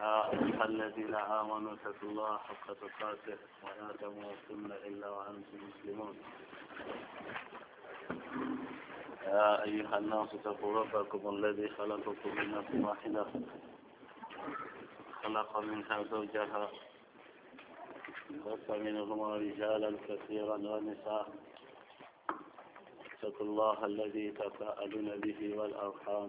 يا أيها الذين آمنوا اتقوا الله حق تقاته ولا تموتن إلا وأنتم مسلمون يا أيها الناس اتقوا ربكم الذي خلقكم من نفس واحدة خلق منها زوجها بث منهما رجالا كثيرا ونساء اتقوا الله الذي تساءلون به والأرحام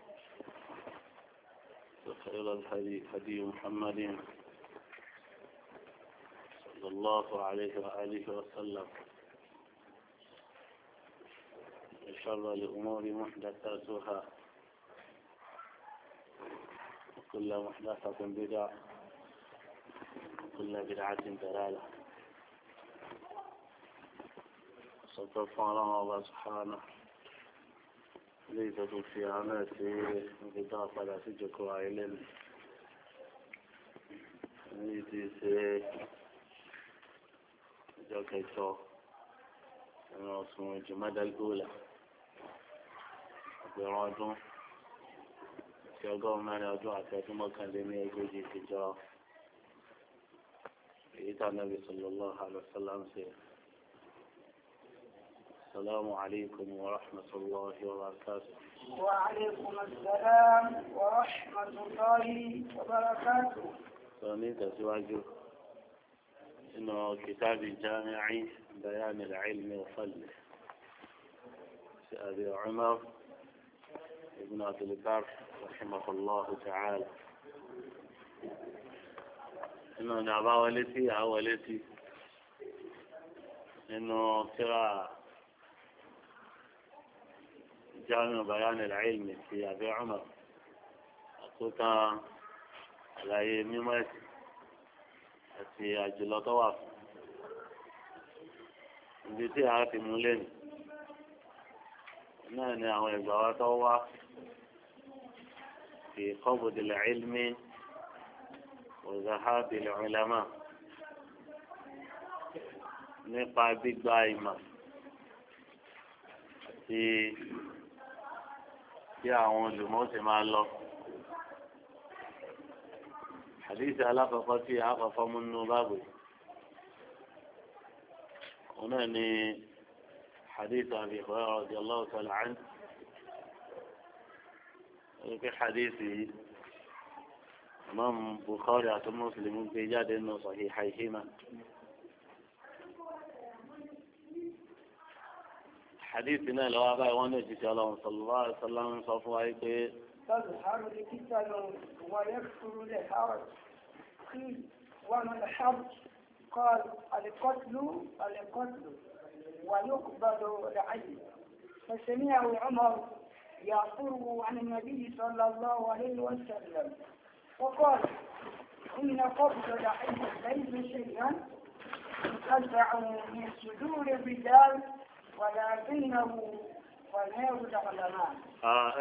وخير الهدي هدي محمد صلى الله عليه وآله وسلم وشر الأمور محدثاتها وكل محدثة بدعة وكل بدعة دلالة صلى الله سبحانه ilé ìtọ́jú fi àwọn náà sí ìgbà padà sí ìjọkọ̀ ayélujára ní ti ṣe ìjọ kẹjọ ẹran ọ̀sùn ìjùmọ́dálgóòlà ọ̀gbẹ̀rún ọdún àti ọgọ́rùn-ún mẹ́rin ọdún àti ọdún mọ́kànléní ogójì ìjọ èyí tàn nàbì sallallahu ń ṣe. السلام عليكم ورحمة الله وبركاته وعليكم السلام ورحمة الله وبركاته سامي تسواجه إنه كتاب جامعي بيان العلم وفله أبي عمر ابن عبد البر رحمه الله تعالى إنه نعبا ولتي عولتي إنه ترى جامع بيان العلم في أبي عمر أقول على يميمة في أجل طواف بيتي عاتي مولين نعني أو إذا طواف في قبض العلم وذهاب العلماء نقع بالدائمة في bí àwọn olùmọ̀ ṣe máa lọ. àdéhìsí alákọ̀ọ́kọ́ tí àkọ́kọ́ mú nínú báàbò yìí. òun náà ni àdéhìsí àbí ìfọ̀yà ọ̀dẹ̀ ọlọ́run sọ̀lá án. wọ́n pe àdéhìsí Imam Bukhari àti Muslim gbé jáde nínú sọ̀hí haihima. حديث ما لو أبا يوانا جيت الله صلى الله عليه وسلم من عليك تظهر لكتاب ويكثر لحرج قيل وما الحرج قال القتل القتل ويقبل العين فسمعه عمر يعفره عن النبي صلى الله عليه وسلم وقال إن قبض العين ليس شيئا انقطع من صدور الرجال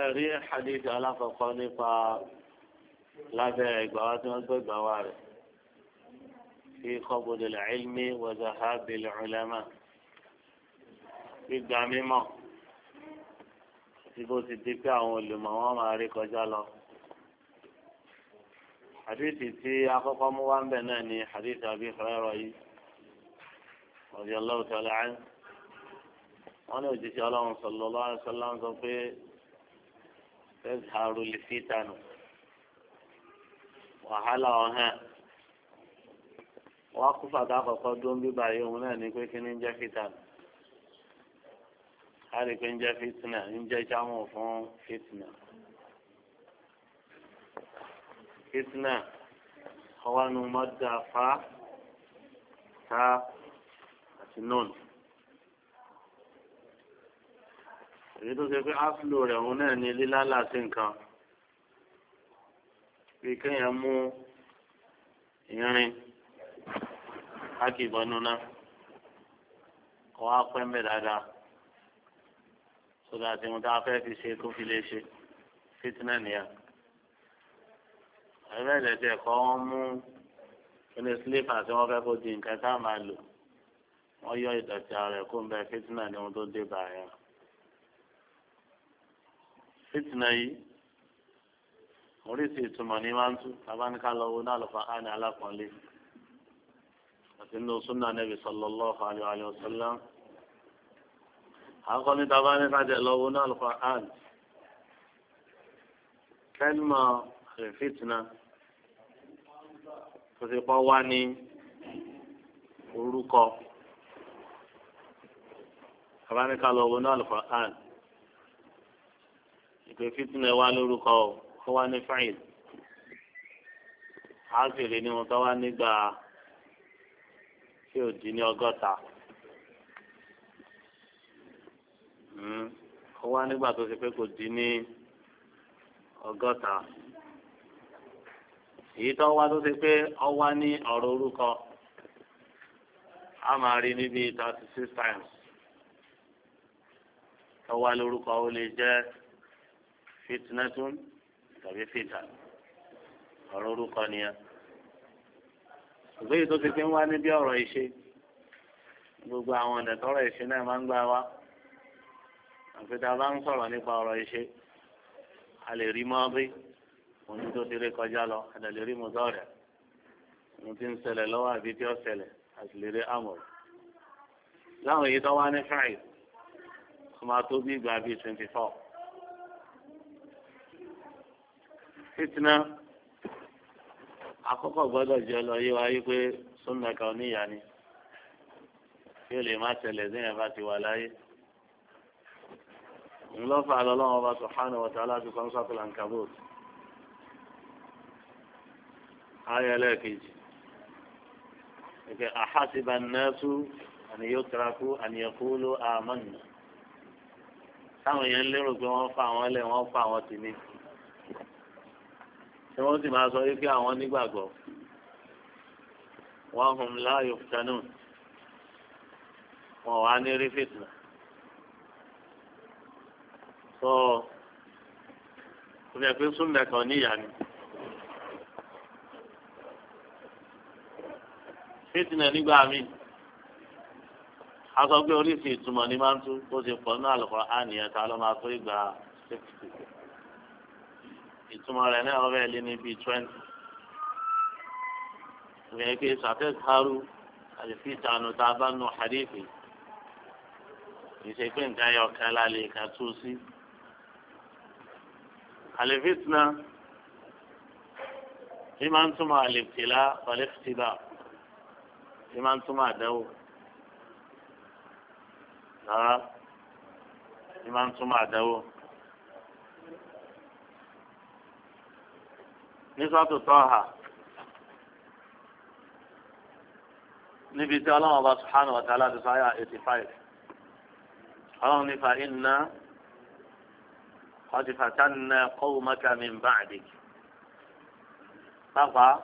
Ẹ̀rí hadith alákọ̀ọ́kọ́ nípa lábẹ́ ìgbàwá tí wọ́n gbé ìgbàwá rẹ̀. Fi qabul al-ilmi wa zahabil ulama. Gbígba mímọ̀ tí bó ti di pé àwọn olùmọ̀ wọn máa rí kọjá lọ. Hadith tí akọ́kọ́ mú wá ń bẹ̀ náà ni hadith Abi Hurairah yìí. Radiyallahu ta'ala anhu wọn ní òjijì ọlọ́run sọlọ lọ́wọ́ sọlá ń sọ pé tẹ́sàrú lè fi tànù wàhálà ọ̀hán wọ́n á kú fàtà àkọ́kọ́ dún bí báyìí òun náà ní pé kí ni ń jẹ́ fìtànù á rí i pé ń jẹ́ fìtìnà ń jẹ́ jáwọn fún fìtìnà fìtìnà ọwọ́ nu mọ́tò àfa ta àti nọ́ọ̀nù. èyí tó ṣe pé áfúlò rẹ̀ òun náà ni lílálà sí nǹkan bí kéèyàn mú irin ákì ìbọnú náà kọ́ á pẹ́ mbẹ́ dáadáa sódà tí mo tá a fẹ́ fi ṣe kó fi lè ṣe fitinẹ nìyà ẹgbẹ́ ìlẹ̀tẹ̀ kọ́ wọ́n mú kíni sílífà tí wọ́n fẹ́ kó di nǹkan tá a máa lò wọ́n yọ ìdọ̀tí ara ẹ̀ kó ń bẹ fitinẹ ní ohun tó dé bàá yẹn fitna yìí oríṣi ìtumọ̀ ní máa ń tú abáníká lọ wo náà lọ́fà á ní alákọ̀ọ́lé àti nínú súnà nẹ́bí sallallahu alaihi wa sallam àkọ́ ní tabáníká jẹ́ lọ wo náà lọ́fà á ní kẹ́lìmọ̀ fitna tó ti pọ́ wá ní orúkọ abáníká lọ náà lọ́fà á ní pé fitinẹ wá lórúkọ o tó wá ní fáìl á sì rí ni wọn tó wá nígbà tí ò dín ní ọgọ́ta hmm. ó wá nígbà tó ṣe pé kò dín ní ọgọ́ta èyí tó wá tó ṣe pé ọ wá ní ọ̀rọ̀ orúkọ a máa rí níbi thirty six times tó wá lórúkọ ó lè jẹ́ fitinatun tàbí fita ọ̀rọ̀ orúkọ nìyẹn òbí tó ti fi ń wá níbi ọ̀rọ̀ ìṣe gbogbo àwọn ọ̀nà tọrọ ìṣe náà máa ń gbà wá àfi tá a bá ń sọ̀rọ̀ nípa ọ̀rọ̀ ìṣe a lè rí mọ́bí òun tó ti rí kọjá lọ a lè rí mọ́tọ́rẹ̀ òun ti ń ṣẹlẹ̀ lọ́wọ́ àbí tí ó ṣẹlẹ̀ a sì lè rí àmọ̀ láwọn èyí tó wá ní fáìlì ọmọ tó bí ìgbà bíi twenty four. fitna àkọ́kọ́ gbọ́dọ̀ jẹ́ lọ yé wa yí pé súnà kan níyà ni kí o lè má tẹ̀lé sẹ́yìn bá ti wà láyé ńlọ́fà lọ́lọ́wọ́ bá subhanahu wa ta'ala fi kọ́ sọ́kùlà ń kàbọ̀ ayé ẹlẹ́ẹ̀kejì ìpè àhásìbà nẹ́ẹ̀sù àníyó tẹ̀rakú àníyẹ̀kúlù àmọ́nà táwọn èèyàn lérò pé wọ́n fa àwọn ẹlẹ́ wọ́n fa àwọn tì ní tí wọ́n sì máa sọ wípé àwọn nígbàgbọ́ wọ́n hùn láàyò fìtánù wọn wà ní rí fìtìnà. sọ ìyẹn pé súnmẹ̀ kan níyà ni. fìtìnà nígbà míì a sọ pé oríṣi ìtumọ̀ ni máa ń tú bó ṣe pọ̀ ní àlùkò àníyàn ta ló máa tó ìgbà fìtìnà ìtumọ̀ rẹ̀ náà ọ̀rẹ́ lé ní bíi twenty. ìyẹn pé sàfẹ́t haru àlèfi ìtànù tá a bá nu hadithi ìṣe pé nǹkan yọ ọ̀kan lálẹ́ ká tó sí. àlèfi tìǹà bí máa ń túmọ̀ àlèftìlá ọ̀lẹ́fìtìlá bí máa ń túmọ̀ àdáwò. rárá bí máa ń túmọ̀ àdáwò. ní sọ́tò tọ́ha níbi tí ọlọ́run bá subhanahu wa ta'ala ti sọ ayà eighty five ọlọ́run nípa iná wọ́n ti fatanna qawmaka min ba'dik pàápàá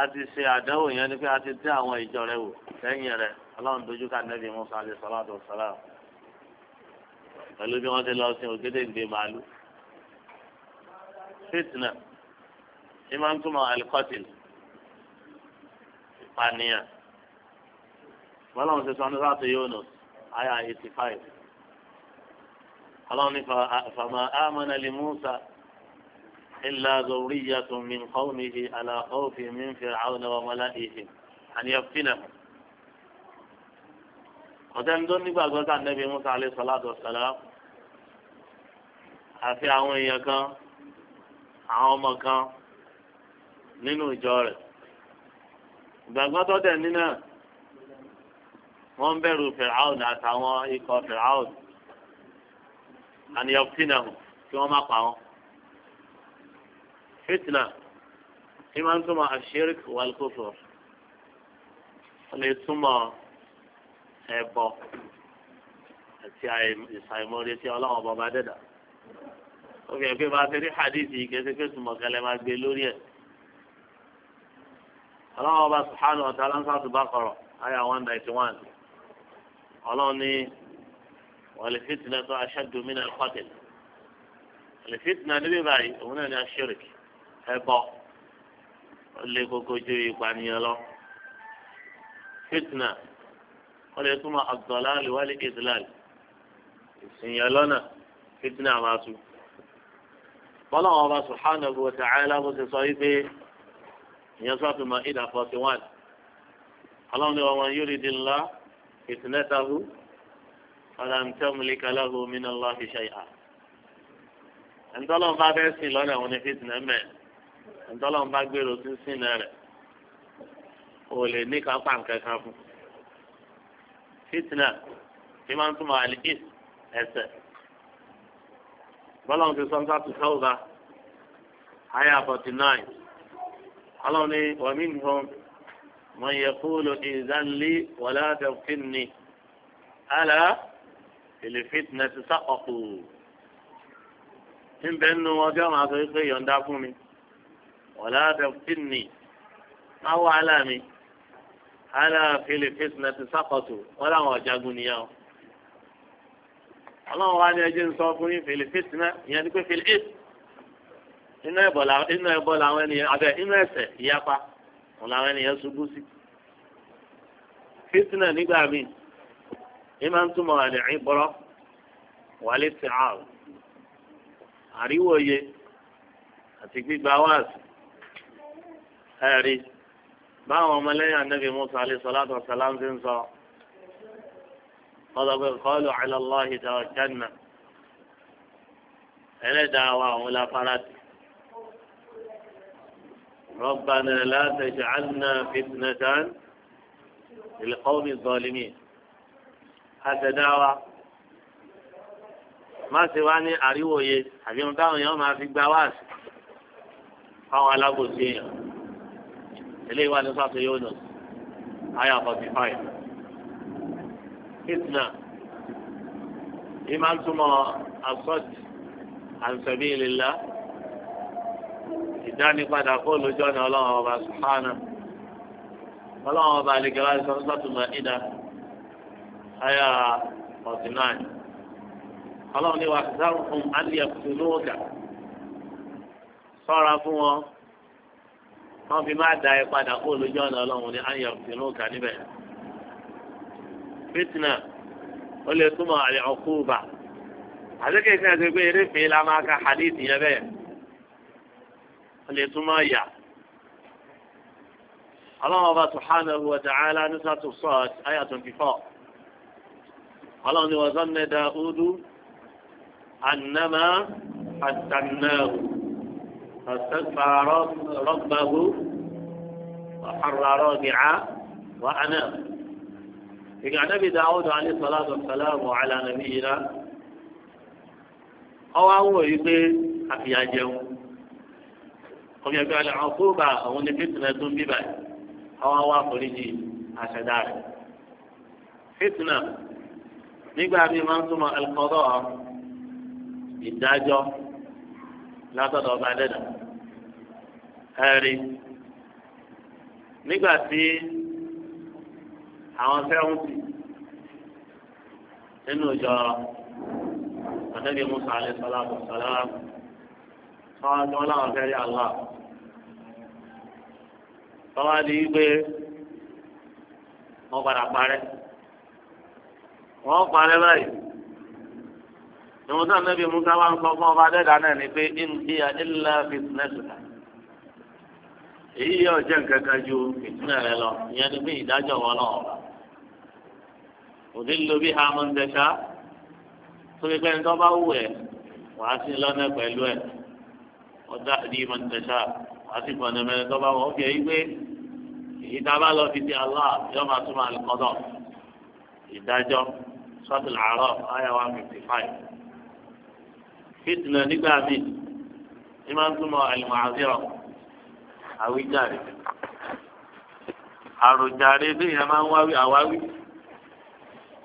a ti ṣe àdánwò yẹn ni pé a ti dé àwọn ìjọ rẹ wò lẹ́yìn rẹ ọlọ́run dojú ká nẹ́bí musa alayhi salatu wa pẹ̀lú bí wọ́n ti lọ sin ògédèǹgbè màálù alifitna ní máa ń túmọ̀ alikọ́tìl ìpànìyàn bọ́lá wọn ti sọ ní sáà tó Yunus àyà eighty five ọlọ́run ní fama amana li Musa illa zurriyatun min qawmihi ala khawfin min fir'auna wa mala'ihim an yaftinahum ọ̀tẹ́ni tó nígbàgbọ́ sáà nẹ́bí Musa alayhi salatu wa salam àfi àwọn èèyàn kan àwọn ọmọ kan nínú ìjọ rẹ̀ ìgbàgbọ́ tó dẹ̀ nínú wọ́n ń bẹ̀rù fìràhùn àtàwọn ikọ̀ fìràhùn àníyàn fìnà kí wọ́n má pa wọn. fitna tí máa ń túmọ̀ àṣírí wàlúkòfò wọ́n lè túmọ̀ ẹ̀bọ àti ìsàìmọ̀rẹ́ tí ọlọ́run ọba bá dẹ̀dà ó kẹ́ pé máa ṣe ní hadithi kẹsí pé sùmọ̀kẹ́lẹ́ máa gbé lórí ẹ̀. ọlọ́run ọba subhanahu wa ta'ala sọ́ọ̀tù Baqara àyà one ninety one ọlọ́run ní wal fitnatu ashaddu min al-qatl wal fitna níbí báyìí òun náà ní aṣ-ṣirk ẹ̀bọ ó lé koko ju ìpànìyàn lọ fitna wọ́n lè túmọ̀ ad-dalal wal ìsìnyàn lọ́nà fitna máa tún bọ́lá wọn bá subhanahu wa ta'ala bó ti sọ yìí pé ìyẹn sọ́ọ́ fi mọ ìdá forty one ọlọ́run ní wọn yuridillah ithnatahu falam tamlika lahu minallahi shay'a ẹ̀ńtọ́lọ́n bá bẹ́ẹ̀ sìn lọ́nà òun ní fitna mẹ́ ẹ̀ńtọ́lọ́n gbèrò sí sìn náà rẹ̀ ò lè ní ká pa nǹkan kan fún fitna bí máa ń túmọ̀ àlè ẹsẹ̀ bọ́lá ń fi sọ́ńtà tó sọ́ọ̀bà àyà forty nine ọlọ́run ní wàmí nìkan mọ̀ yẹ kúlò ìzánlé wọlé àtẹ̀kùn ni àlà ìlẹ̀fìtìnà ti sàkọ̀kù níbẹ̀ nínú ọjọ́ àwọn aṣọ ìpè yọ̀ǹda fún mi wọlé àtẹ̀kùn ni má wàhálà mi àlà ìlẹ̀fìtìnà ti sàkọ̀tù wọ́n làwọn ọ̀jagun nìyàwó ọlọ́run wa ni ẹjẹ́ ń sọ fún yín fèlè fèsìnà ìyẹn ni pé fèlè èsì inú ẹ̀bọ̀ làwọn ènìyàn abẹ inú ẹ̀sẹ̀ ìyapa wọn làwọn ènìyàn ṣubú sí fèsìnà nígbà míì ní máa ń túmọ̀ àlẹ́ ìbọ̀rọ̀ wàlẹ́ ti àrùn àríwòye àti gbígba wáàsì ẹ̀rí báwọn ọmọlẹ́yìn anábì Musa alayhi salatu wa salam ti ń sọ. طلب قالوا على الله توكلنا إلى دعوة ولا فرد ربنا لا تجعلنا فتنة للقوم الظالمين هذا دعوة ما سواني أريوه يه حبيب دعوة يوم في بواس أو على بسيئة إليه وانصاص يونس آية 45 fitna ìmọ̀ àtúmọ̀ asọ́t ansabilillah ìdánipadà kó lójọ́ ní ọlọ́run ọba sùpánà ọlọ́run ọba àlekèwà sọ́tùmọ̀ ìdá ayà forty nine ọlọ́run ní wàhálà fún aliyahfu lóògà sọ́ra fún wọn wọ́n fi máa da ẹ padà kó lójọ́ ọlọ́run ní aliyahfu lóògà níbẹ̀ fitna ó lè túmọ̀ àlẹ́ ọ̀kúùbà àdékè sí àti pé eré fèé la máa ka hadith yẹn bẹ́ẹ̀ ó lè túmọ̀ yà ọlọ́run ọba subhanahu wa ta'ala ní sátú sọ́ọ̀t àyà twenty four ọlọ́run ni wọ́n zanna Dawudu annama fatannahu fastaghfara rabbahu wa harra rabi'a wa anaba ìgbà nàbì Dáúdù alayhi salatu wassalamu ala nabiyyina ọwọ́ àwọn òye pé àfihà jẹun ọmọ ẹgbẹ́ alẹ́ àwọn kó bá àwọn ní fìtìnà tó ń bí báyìí àwọn àwọn àforíjì àṣẹdá rẹ̀ fìtìnà nígbà bí máa ń túmọ̀ ẹ̀kọ́dọ̀ ìdájọ́ látọ̀dọ̀ ọba dẹ́dà ẹ̀rí nígbà tí àwọn sẹ́wọ̀ntì nínú ìjọ àtẹ́bí musa alẹ́ sọlá sọlá tọ́wọ́ tí wọ́n láwọn fẹ́ rí àlá tọ́wọ́ di wípé wọ́n padà parẹ́ wọ́n parẹ́ báyìí ìwòsàn níbi musa wa ń sọ fún ọba dẹ́dà náà ni pé ìnìkí ilà fìtínẹ́sìtà èyí yóò jẹ́ nǹkan kan ju fìtínẹ́ lọ ìyẹn ni bí ìdájọ́ wọn náà wà òdì ló bí ha mọ̀ndẹ́sá tóbi pé nítorí bá wù ẹ̀ wà á sí lọ́nà pẹ̀lú ẹ̀ ọ̀dà ní mọ̀ndẹ́sá wà á sì gbọ̀nà mẹ́rin tó bá wọ̀ ọ́ fi ẹ̀yí pé ìdá bá lọ fi ti Allah yọ máa túmọ̀ àlùkọ́dọ̀ ìdájọ́ sọ́tìlì àárọ̀ àyà one fifty five fitna nígbà míì ní máa ń túmọ̀ àlùmọ̀àzírọ̀ àwíjàre àròjàre bí ìyẹn máa ń wáwí àwáwí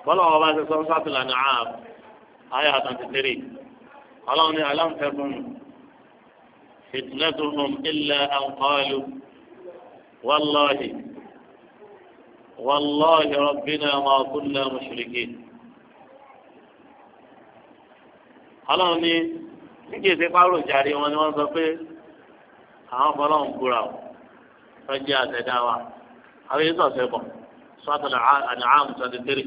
bọ́lá wọn bá ṣe sọ sátìlì An'am àyà twenty three ọlọ́run ní aláǹfẹ̀kùn fitnatuhum illa an qalu wallahi wallahi rabbina ma kunna mushrikin. ọlọ́run ní nígbè tí pàrọ̀ ìjàre wọn ni wọ́n sọ pé àwọn fọlọ́run kúra o wọ́n jẹ́ àwọn yìí sọ̀tẹ̀ bọ̀ sọ́tàlá àdáhàm twenty three.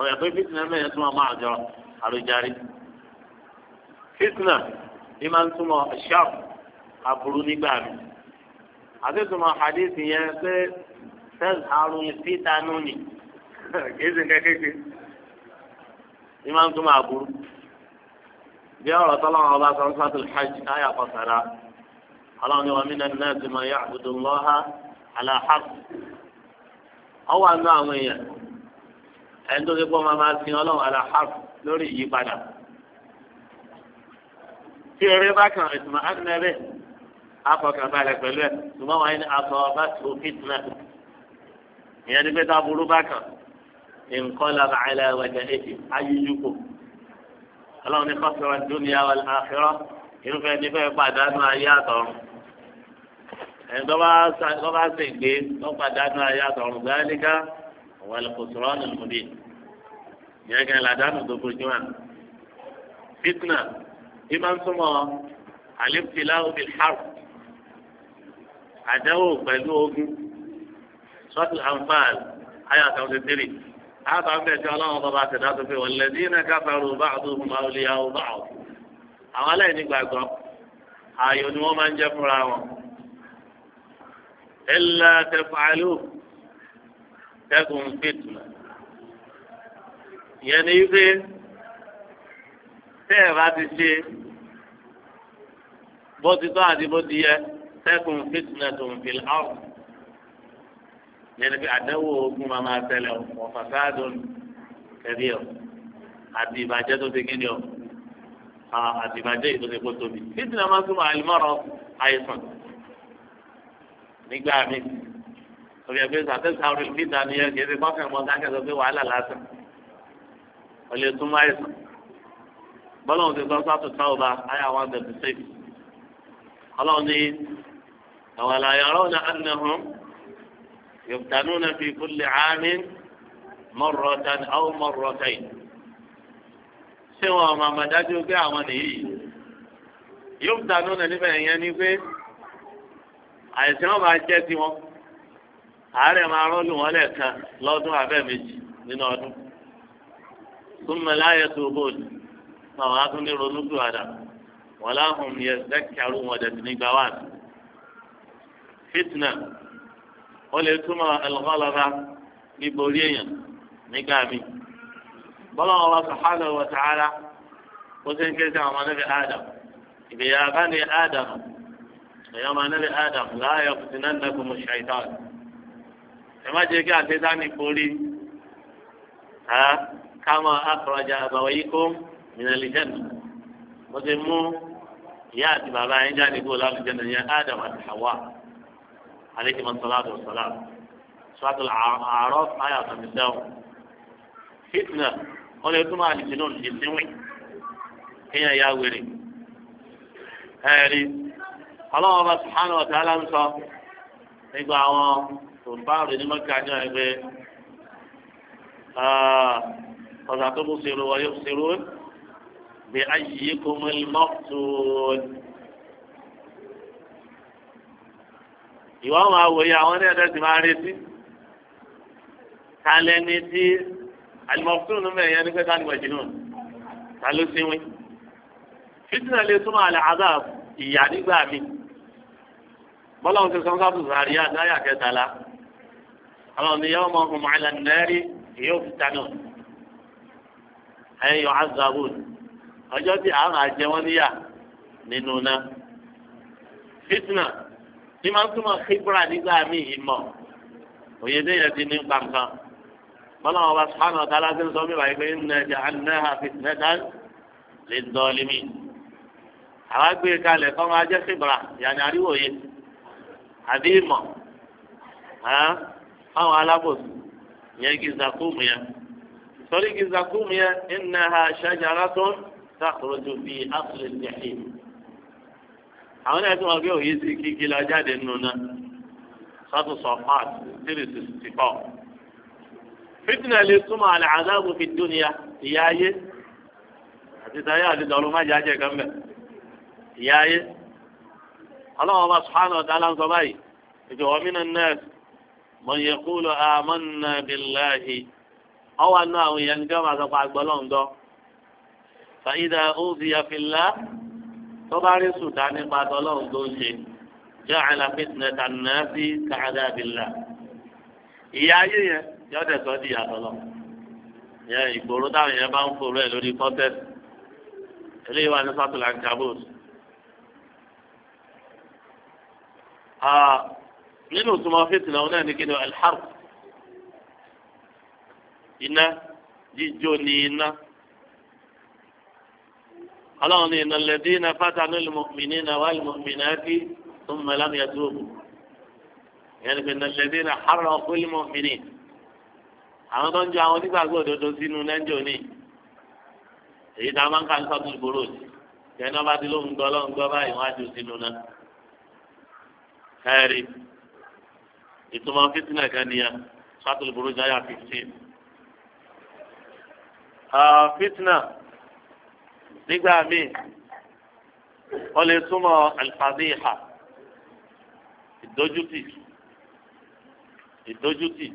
ọ̀rẹ́ pé fitna mẹ́rin túmọ̀ máa jọ àròjàre fitna ní máa ń túmọ̀ ṣáàpù aburú nígbà mi àti túmọ̀ hadith yẹn pé sẹ́ẹ̀sì àrùn fitanu ni kìí ṣe kékeré ní máa ń túmọ̀ aburú bí ọ̀rọ̀ tọ́lọ́wọ́n ọba sọ sọ́tù hajj káyà kọsàrà ọlọ́run ni wọ́n náà náà yá lọ́ha ọwọ́ ẹni tó ti pọ́ máa máa sin ọlọ́run alahaf lórí ìyípadà tí eré bá kàn ìtumọ̀ ánẹ́rẹ́ afọkànbalẹ̀ pẹ̀lú ẹ̀ ṣùgbọ́n wọ́n yẹn aṣọ ọba tó fitna ìyẹn ní pẹ́tà burú bá kàn nǹkan lára àìlẹ̀ wẹ̀jẹ̀ èkì ayíyúkọ ọlọ́run ní kọ́sọ̀rọ̀ dúnìá wà láàfẹ́rọ́ irúfẹ́ ní fẹ́ pàdánù ayé àtọ̀run ẹni bá ṣègbè tó ayé àtọ̀run gbáyé níká wàlùkùsùrọ̀ nìmùdí yẹn kẹ́ làdánù tó fojú wa fitna ìmọ̀ nsúmọ̀ alẹ́pìlá omi harf àdáwò pẹ̀lú ogun sọ́tù anfàl ayé àtàwọn tẹ̀lé àbá ń bẹ̀tẹ̀ ọlọ́run bàbá àtẹ̀dá tó fi wọ́n lẹ́dí iná káfàrú bá àdúgbò máa wọlé yàwó bá àwọn. àwọn aláìní gbàgbọ́ ààyò ni wọ́n máa ń jẹ́ fúnra wọn. illa taf'alu tẹ́kùn fìtìmọ̀ ìyẹn ni wípé tẹ́ ẹ̀ bá ti ṣe bó ti tọ́ àti bó ti yẹ tẹ́kùn fìtìmọ̀ tó ń fi lọ́rùn ìyẹn ni pé àdánwò ogun máa máa tẹ̀lé ọ̀fàsáàdùn kẹ̀rí ọ̀ àti ìbàjẹ́ tó ti kíni ọ̀ àti ìbàjẹ́ tó ti kó tóbi fìtìmọ̀ máa ń túmọ̀ àlùmọ́rọ̀ àìsàn nígbà míì ọ̀gẹ̀ pé sàtẹ́sà orí níta ni ẹ̀ kéde kọ́fẹ́ mọ́ sákẹ́sọ pé wàhálà lásán ọ̀lẹ́ tún máa sàn bọ́lọ́run ti sọ sátò táwọ̀bá ayé àwọn àgbẹ̀bí sèkì ọlọ́run ní àwọn àlàyé ọlọ́run náà ń nàhún yòókùtánú náà fi kúlẹ̀ ámì mọ́rọ̀tàn áwọn mọ́rọ̀tàn ṣé wọn ọmọ àmàdájú pé àwọn nìyí yòókùtánú náà níbẹ̀ yẹn ni pé àìsàn máa àárẹ̀ máa rọ́ọ̀lù wọn lẹ́ẹ̀kan lọ́dún abẹ́ méjì nínú ọdún súnmọ́ láyé tó bóòlù àwọn akúndé ronú tó àdá wọn láhùn yẹ lẹ́kẹ̀rú wọn dẹ̀ nígbà wà ní. fitna ó lè túmọ̀ ẹlọ́kọ́lọ́ba níborí èèyàn nígbà mi. bọ́lá wọn bá sàhálà wọ sàhálà ó sì ń ké sí àwọn ọmọdébí adam ìgbéyàwó bá ní adam èèyàn ọmọdébí adam láàyè kùtì náà nàkùnmù ṣàìtàn ẹ má jẹ́ kí àgbésáni borí ká mọ akọrọjà àbàwọ̀ yìí kó mìnàlìjẹ́nà mo ti mú ìyá àti bàbá yẹn jáde kó lálùjẹ́nà yẹn Ádámù àti Hawa aleyhi wa salatu wa salam sọ́tò àárọ̀ ayà sàmìsẹ́wò fitna wọ́n lè túmọ̀ àlìjẹ́nà ìdíwìn kéèyàn yá wèrè ẹ̀rí ọlọ́wọ́ bá subhanahu wa ta'ala ń sọ nígbà àwọn tó ń bá rẹ̀ ní mọ́kà ní ẹgbẹ́ ọ̀sà tó mú ṣerú wa yóò ṣerú bí ayé kò mú ẹlẹ́mọ́ tó ìwọ máa wòye àwọn ní ẹ̀dẹ́ ti máa retí kálẹ̀ ní tí alimọ̀tún nínú ẹ̀yẹ ní pẹ́ká ní wẹ̀jìnú ta ló sinwi fitinẹ lè túmọ̀ àlẹ́ azab ìyá mi bọ́lá ń sọ sọ́ńsọ́ àbùsùn àríyá náírà kẹtàlá ọlọ́run ni yọ́mọ ọmọ àlà nẹ́rí yóò fi tanú ẹ̀yọ azabun ọjọ́ tí àwọn àjẹ wọn níyà nínú náà fitna ní máa ń túmọ̀ kíkúrà nígbà míì ìmọ̀ òye déyẹ ti ní gbàǹkan bọ́lá wọn bá sùpánà ọ̀tá aláṣẹ ń sọ mí báyìí pé ń nà ẹja anáhà fitna dán lè dọ́ọ̀lì mí àwọn agbèrè e kalẹ̀ kọ́ máa jẹ́ kíkúrà yàrá àríwòye àbí ìmọ̀ hàn fáwọn alábòsí yẹn gizakumu yẹn sọrí gizakumu yẹn innaha shajaratun takhruju fi asli al-jahim àwọn ẹ̀sìn wọn bí òye sí kíkí la jáde nínú náà sọ́tún sọ́fàt three sixty four fitina lè túmọ̀ àlẹ́ àdáàbò fi dúnìyà ìyá ayé àti táyé àdìdọ́rùn má jáde kan bẹ̀ ìyá ayé ọlọ́wọ́n bá sùhánà ọ̀dà aláǹsọ báyìí ìjọba mí man yaqulu amanna billahi ọwọ́ àná àwọn èèyàn níjọ́ máa sọ pé àgbọ̀lọ́ ń dọ́ fa idha udhiya fillah tó bá rí sùdá nípa tọ́lọ́run tó ń ṣe ja'ala fitnata an-nasi ka'adabillah ìyá ayé yẹn yọ dẹ̀ sọ́ di ìyàtọ̀ lọ yẹn ìgboro táwọn èèyàn bá ń forú ẹ̀ lórí kọ́tẹ́sì eléyìí wà ní sọ́tò làǹkàbọ̀s nínú ìtumọ̀ fìtìnà ọ̀nà ní kíni alḥarb iná jíjó ní iná ọlọ́run ní ìnàlẹ́dí iná fátánù lùmọ̀mìnì iná wà lùmọ̀mìnì ákí tó ń mẹ́lá mi àti òbò ìyẹn ní ìnàlẹ́dí iná hàrọ̀ ọ̀pọ̀ lùmọ̀mìnì àwọn tó ń jọ àwọn onígbàgbọ́ òdodo sínú lẹ́ńjọ́ ní èyí tá a máa ń ka ń sọ́dún ìgboro sí kẹ́ńtà bá ti lóhùn gbọ́ lóhùn gbọ́ báyìí wọ́n á jù sínú náà ìtumọ̀ fitinà kan nìyẹn sọ́tùlù burúkú ayà fifteen. fitinà nígbà míì wọ́n lè túmọ̀ alifadíhà ìdójútì ìdójútì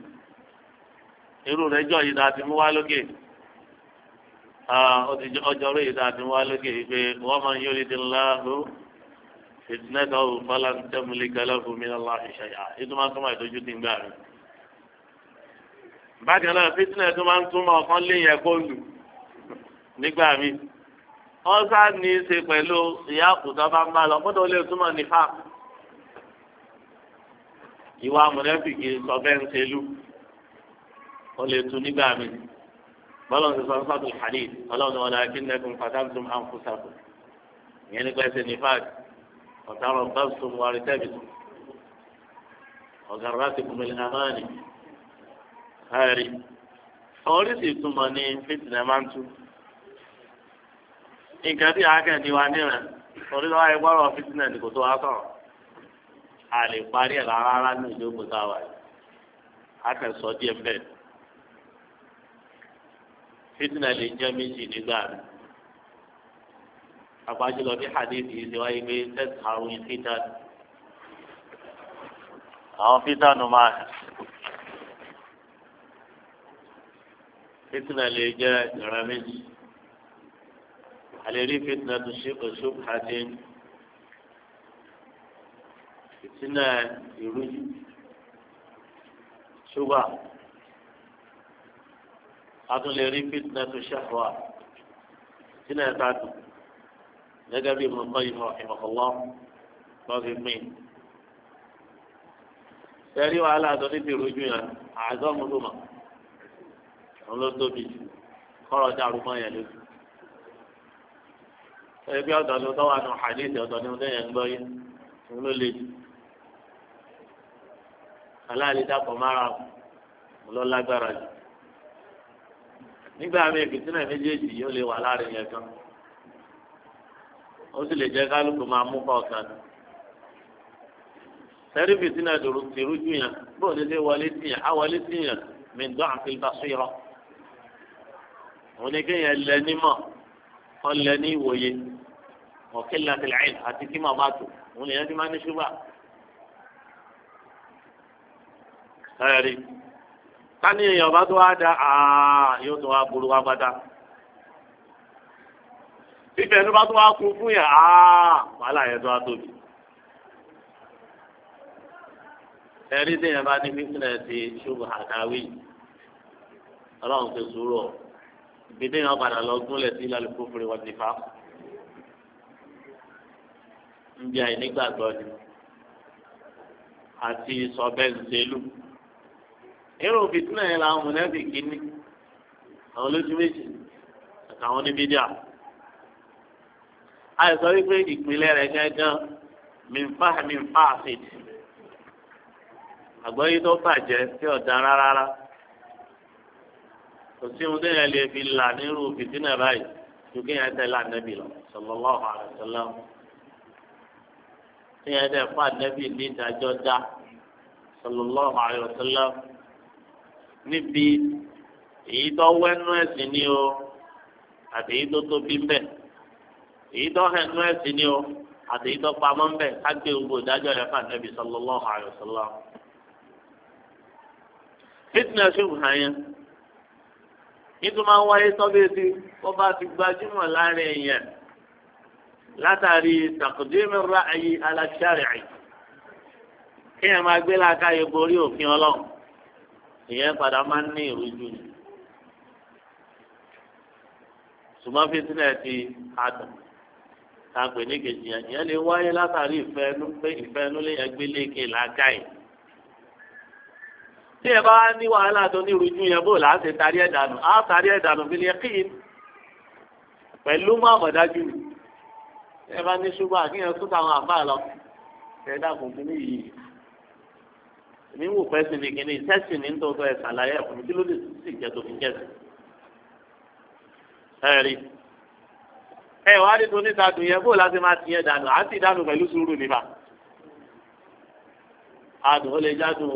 irú rẹ̀ jọ yìí dáadé mú wá lókè ọjọ́ rẹ̀ yìí dáadé mú wá lókè yìí wọ́n máa ń yọrí dín láàrú fìtínẹ́tà ọ̀hún fọlá ń tẹ́mulé galẹ́fù mi lọ́la ìṣẹ̀yà ìtumá túmọ̀ ìdójú ti ń gbà mí. bákan náà fìtínẹ́ tó máa ń túmọ̀ ọ̀kan léyìn ẹ̀kọ́ lù nígbà mí. wọ́n sáà ní í ṣe pẹ̀lú ìyá àkùtà bá ń bá lọ kódà ó lè túmọ̀ nípa. ìwà mọ̀lẹ́fìkì sọ ń ṣe lù lè tu nígbà mí. bọ́lá ń sọ sọ́tù hadith ọlọ́run ọ̀nà akíndẹ́kùn fàtàkùn àǹfùsàkùn ìyẹn nípa ẹsẹ̀ nípa ọ̀tàrọ̀ báṣọ wàrí tẹ́bi ọ̀gárá ti kùmí amáàní káàrí oríṣi ìtumọ̀ ní fìtìnà máa ń tú nǹkan tí àákẹ́ ni wà níran torí lọ́wọ́ ẹ gbọ́rọ̀ fìtìnà ní kò tó wá sọ̀rọ̀ a lè parí ẹ̀ rárá ní ìjókòó táwa àpájùlọ bí hadithi yìí ṣe wáyé pé tẹ́sí àwọn fítàn àwọn fítàn máa hàn. fitna lè jẹ́ ìran méjì àlérí fitna tó ṣe kò ṣó pàdé fitna ìrújú ṣúgbà a tún lè rí fitna tó ṣàfọwà fitna ìtàkùn gẹ́gẹ́ bí ibùdókọ́ yìí mọ̀ ìmọ̀kànlọ́ lọ́ọ́ fi pín. Ṣẹ́rí wàhálà tó ní ti rojú yẹn àádọ́mù ló mọ̀. Òun ló tóbi kọ́rọ̀ dàrú mọ́ yẹn lójú. Ẹgbẹ́ ọ̀dọ́ ni ọ̀dọ́ wà nù hadith ọ̀dọ́ ni ọ̀dọ́ yẹn ń gbọ́ yẹn. Òun ló le jù. Aláàlí dàpọ̀ mára lọ lágbára jù. Nígbà míì fìtínà méjèèjì yóò lè wà láàrin yẹn kan ó sì lè jẹ́ kálukú máa mú kọ̀ọ̀kan. sẹ́rí fìtínà tìrú jù yàn bóun ní ṣe wọlé tìyàn á wọlé tìyàn mi dọ́ àti ìbáṣírọ̀. òun ni kéèyàn lẹ nímọ̀ kọ́ lẹ ní ìwòye ọ̀kẹ́lá tìlẹ̀ àti kí màmá tó òun lè yẹn ti máa ní ṣúgbà. ẹ̀rí ká ní èèyàn bá tó wá da àà yóò tó wá burú wá bá dáa fífẹ́ ẹnu bá tó wá kú fún yẹn áá wàhálà yẹn tó wá tóbi. ẹ̀rí téèyàn bá ní fífẹ́ ti ṣubú àkàwé ọlọ́run ti sùúrù ọ̀ ibi téèyàn padà lọ gúnlẹ̀ sí ìlànà ìfúnfúnni wọn ti fa. ń bí àìnígbàgbọ́ ni àti sọ̀bẹ́ǹsẹ̀lù èrò fìtínà yẹn làwọn mọ̀lẹ́bí kìíní àwọn olójú méjì àtàwọn oníbídíà àìsàn wípé ìpínlẹ̀ rẹ̀ gángan mìfà mìfà àfìdì àgbọ̀yé tó bàjẹ́ tí ọ̀dà rárá kò sí ohun téèyàn lè fi là nírú fìtínà báyìí ju kéèyàn tẹ̀lé ànábì lọ sallallahu alaihi wasallam kéèyàn tẹ̀ fún ànábì ní ìdájọ́ dá sallallahu alaihi wasallam níbi èyí tó wẹ́nu ẹ̀sìn ni o àti èyí tó tóbi ń èyí tó hẹ̀ nú ẹ̀sìn ni o àti èyí tó pamọ́ ń bẹ̀ ká gbé gbogbo ìdájọ́ rẹ̀ fà nẹ́bi sallallahu alaihi wasallam. fitna ṣubú hàn yẹn nítorí máa ń wáyé sọ́bẹ̀ẹ́sì kó bá ti gbajúmọ̀ láàrin èèyàn látàrí tàkùdímù ra'ayi ala shari'i kéèyàn máa gbé làákàyè borí òfin ọlọ́run ìyẹn padà máa ń ní ìrújú ṣùgbọ́n fitinẹ ti àdùn tàgbè ní kejì yẹn yẹn lè wáyé látàrí ìfẹ́ ẹnu pé ìfẹ́ ẹnu lè yẹn gbé léèké làákà yìí. tí ẹ bá ní wàhálà tó ní ìrújú yẹn bò láti tarí ẹ̀ dànù á tarí ẹ̀ dànù bí lè kí i pẹ̀lú má mọ̀ ni. ẹ bá ní ṣùgbọ́n àkíyàn tún táwọn àbá lọ ẹ dàkún fún mi yìí. èmi wò pẹ́ sí ni kíní sẹ́sì ní tòótọ́ ẹ̀ sàlàyé ẹ̀kún kí ló dé sí ìjẹ́ tó fi jẹ́ sí. ẹ rí i ẹ wàá dé tó níta dùn yẹn bóò láti máa tiẹ̀ dànù à ń ti dànù pẹ̀lú sùúrù nípa adùn ó lè jádùn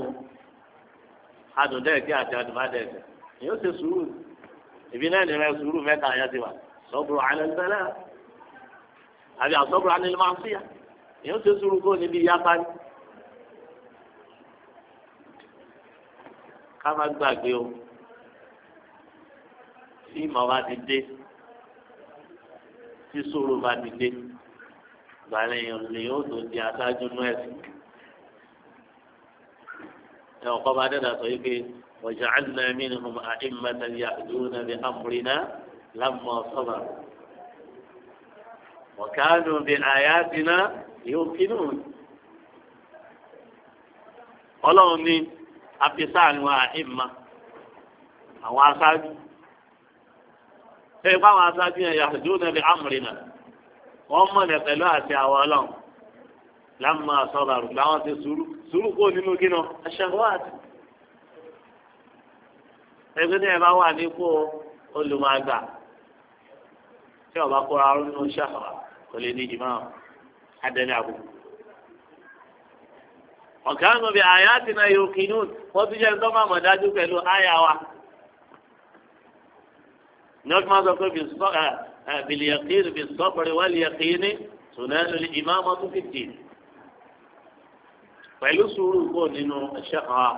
adùn dẹ́ẹ̀kí àti adùn má dẹ́ẹ̀kí yóò ṣe sùúrù ìbí náà nìyẹn sùúrù mẹ́ta yẹn ti wà sọ́bùrù alẹ́sẹ̀lẹ̀ àbí àsọ́bùrù anilmọ́síyà yóò ṣe sùúrù kó níbi yáfa ni. ká má gbàgbé o tí ìmọ̀ bá ti dé tí sòrò bá ti dé gbàlẹ́ yẹn lè yóò tó di aṣáájú nú ẹ̀sìn. ẹ ọkọ bá dẹ́dà sọ yìí pé ọjà àná minhum a'immatan ya'duna bi amrina lamma sabaru. wa kanu bi ayatina yuqinun. ọlọ́run ní afisáàrin wa àìmá àwọn aṣáájú ẹ báwọn aṣáájú yẹn yàtọ̀ nàbí amúrinà wọ́n mọ̀nà pẹ̀lú àti àwọn ọlọ́run lámà sọ́bàrù láwọn ti sùúrù sùúrù kó nínú gínà aṣàwọ́àtì. ẹgbẹ́ tí ẹ bá wà nípò olùmọ̀gbà tí ọba kóra ọrùn nínú ṣàwà kò lè ní ìmọ̀ adẹ́ni àbùkù. ọ̀gá mi àyà ti náà yóò kínú wọ́n ti jẹ́ ń tọ́ máa mọ̀ dájú pẹ̀lú àyà wa ní ọdún máa sọ pé bìlìyàkínì bìsọ́pẹ̀rẹ̀ wà lìyàkínì sùnẹ́nu ìmáàmọ́ tó fi dì pẹ̀lú sùúrù kó nínú ẹ̀ṣẹ̀ kan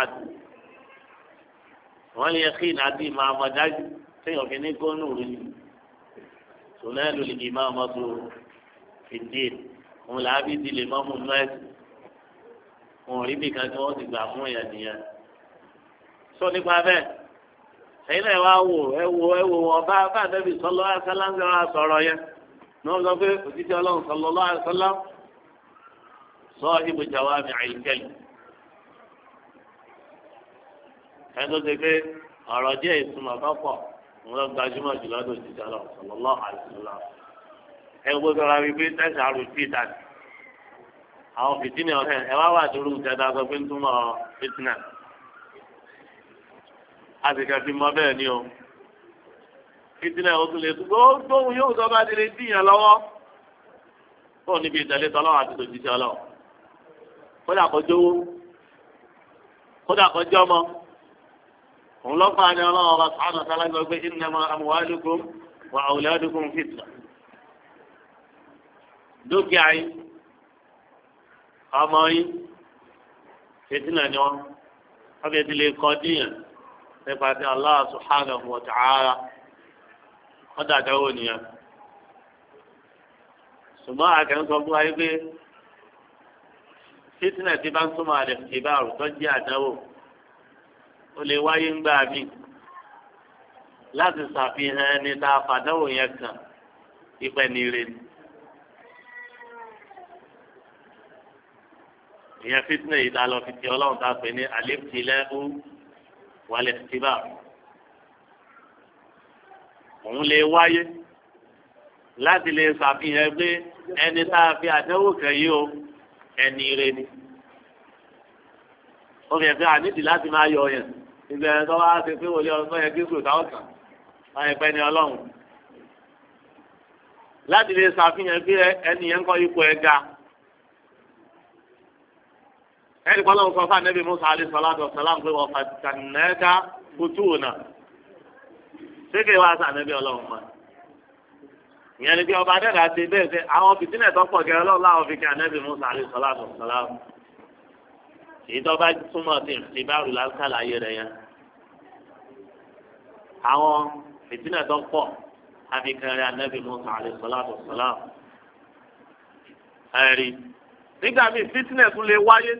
àdùn wọ́n lìyàkínì àti ìmáàmọ́ dájú téèyàn fi ní gónú rí sùnẹ́nu ìmáàmọ́ tó fi dì òun làábí di lè mọ́mú nọ́ẹ̀sì òun rí bìkan tí wọ́n ti gbà fún ìyàdìyàn sọ nípa bẹ́ẹ̀ ẹ̀yin náà wá wò ẹ wò ẹ wò ọba abáàdẹ́bí sọlọ àṣálá ń sọ̀rọ̀ àsọ̀rọ̀ yẹn ní wọ́n sọ pé òtítí ọlọ́run sọlọ lọ́wọ́ àṣálá sọ ibu jàwá mi àìkẹ́lì. ẹ tó ṣe pé ọ̀rọ̀ díẹ̀ ìtumọ̀ tó pọ̀ ń lọ gbajúmọ̀ jùlọ ní òtítí ọlọ́run sọlọ lọ́wọ́ àṣálá. ẹ gbọ́dọ̀ ra wípé tẹ̀sán àrùtí ìtàkì àwọn fìtínì ọ̀hẹ́ ẹ wá wà àtìkà fi mọ bẹ́ẹ̀ ni o ìtìlẹ̀ o tún lè tún gbóhùn yóò sọ bá ti lè dìyàn lọ́wọ́ fún níbi ìtẹ̀lé tọ́lọ́ àti tòjíṣẹ́ ọlọ́ kódà kọjọ́ owó kódà kọjọ́ ọmọ òun lọ́fà ni ọlọ́wọ́ bá sàánà sálágbá pé innama amwalukum wa auladukum fitna dúkìá yìí ọmọ yìí fìtínà ni wọn ọbẹ̀ ti lè kọ́ díyàn nípa ti Allah subhanahu wa ta'ala wọ́n dàgbà wò nìyẹn. ṣùgbọ́n àkàǹsọ fún wa yìí pé fitinẹ ti bá ń súnmọ́ àlẹ́ ìbá àrùtọ́ jẹ́ àdánwò ó lè wáyé ńgbà mí láti ṣàfihàn ẹni tá a fàdánwò yẹn kàn ìpẹ́ ní ire ni. ìyẹn fitinẹ yìí tá lọ fi ti ọlọ́run tá a pè ní àlẹ́ ìtìlẹ́ wàlẹ̀ tìbà òun lè wáyé láti lè ṣàfihàn pé ẹni tá a fi àdánwò kàn o ẹni ire ni ó fi ẹ̀fẹ́ ànídìí láti máa yọ yẹn ìgbà ẹ̀ tó wá ṣe pé wòlé ọdún yẹn kí sùn táwọn kàn pẹ́ ni ọlọ́run láti lè ṣàfihàn pé ẹni yẹn ń kọ́ ipò ẹ̀ ga ẹni kọ́ lọ́wọ́ sọ fún anabi musa alayhi salatu wa salam pé wọ́n fatanaka futuna sékè wá sí anabi ọlọ́run mọ́ ìyẹn ni bí ọba adẹ́rẹ́ àti bẹ́ẹ̀ sẹ́ àwọn fìtínẹ̀ tó pọ̀ gẹ́gẹ́ ọlọ́run láwọn fi kí anabi musa alayhi salatu wa salam ìtọ́ba túmọ̀ sí ìbáru lásìkàlà ayé rẹ̀ yẹn àwọn fìtínẹ̀ tó pọ̀ àfikẹ́rẹ́ anabi musa alayhi salam ẹ̀rí nígbà míì fìtínẹ̀ lè wáyé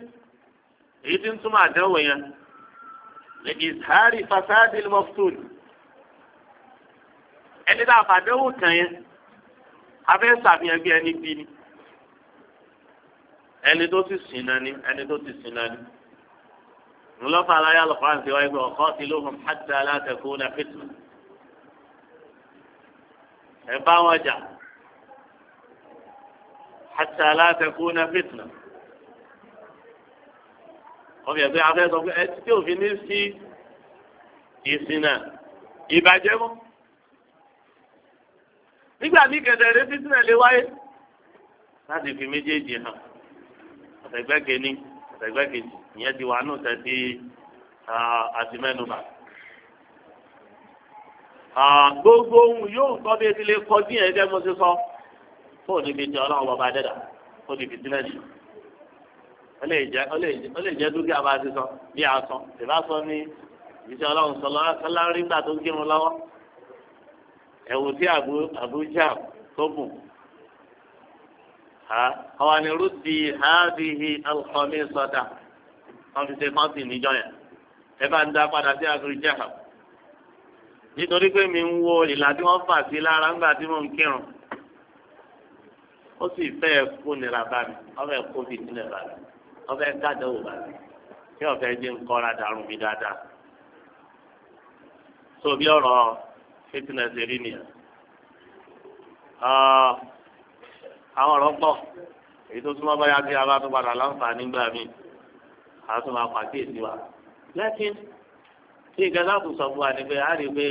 èyí tí ń túmọ̀ àdánwò yẹn lè ìsáárì fasáàdì mọ́fútùn ẹni tá a fàdánwò kàn yẹn afẹ́ sàfihàn bí ẹni bí ni ẹni tó ti sìn náà ni ẹni tó ti sìn náà ni ńlọ́fà aláyà lọ́kọ́ àti wáyé pé ọ̀kọ́ ti ló hàtà látẹ̀kọ́ ní afẹ́tù ẹ bá wọn jà hàtà látẹ̀kọ́ ní afẹ́tù náà wọ́n fi ẹ̀sẹ̀ afẹ́ sọ pé ẹtí tí òfin ní sí ìsìnà ìbàjẹ́ mọ́. nígbà tí kẹsẹ̀ rẹ títí náà lè wáyé láti fi méjèèjì hàn ọ̀sẹ̀gbẹ́ kẹni ọ̀sẹ̀gbẹ́ kejì ìyẹn ti wà nù tẹ́tí àtìmẹ́nubà. gbogbo ohun yóò sọ bí etí lè kọjú yẹn jẹ́ mo ti sọ fóònù ìbejì ọlọ́run bàbá dẹ́dà ó di fìtínẹ́sì ó lè jẹ́ ó lè jẹ́ ó lè jẹ́ dúkìá bá ti sọ bí a sọ ìbá sọ ní ìṣe ọlọ́run sọ lọ́wọ́ nígbà tó kírun lọ́wọ́ ẹ̀wù tí àbújá tó bù àwọn ànírú ti hábìhì alùpàmì sọdà wọn fi ṣe fọ́ǹtì níjọ yẹn ẹ bá ń dá padà sí àbújá nítorí pé mi ń wo ìlà tí wọ́n fà sí lára ńgbà tí mò ń kírun ó sì fẹ́ kó nira bá mi wọ́n fẹ́ kó bá mi ọbẹ̀ gádẹ́wò bá mi kí ọbẹ̀ jẹ́ nkọ́ra dàrú mi dáadáa. tó bí ọ̀rọ̀ fitinẹ ṣeré nìyẹn. àwọn ọ̀rọ̀ pọ̀ èyí tó súnmọ́ báyà bí a bá tún padà láǹfààní gbà mí a tún máa pàkíyèsí wa. lẹ́kìn tí ìgbà sọ fún wa ni pé a rí i pé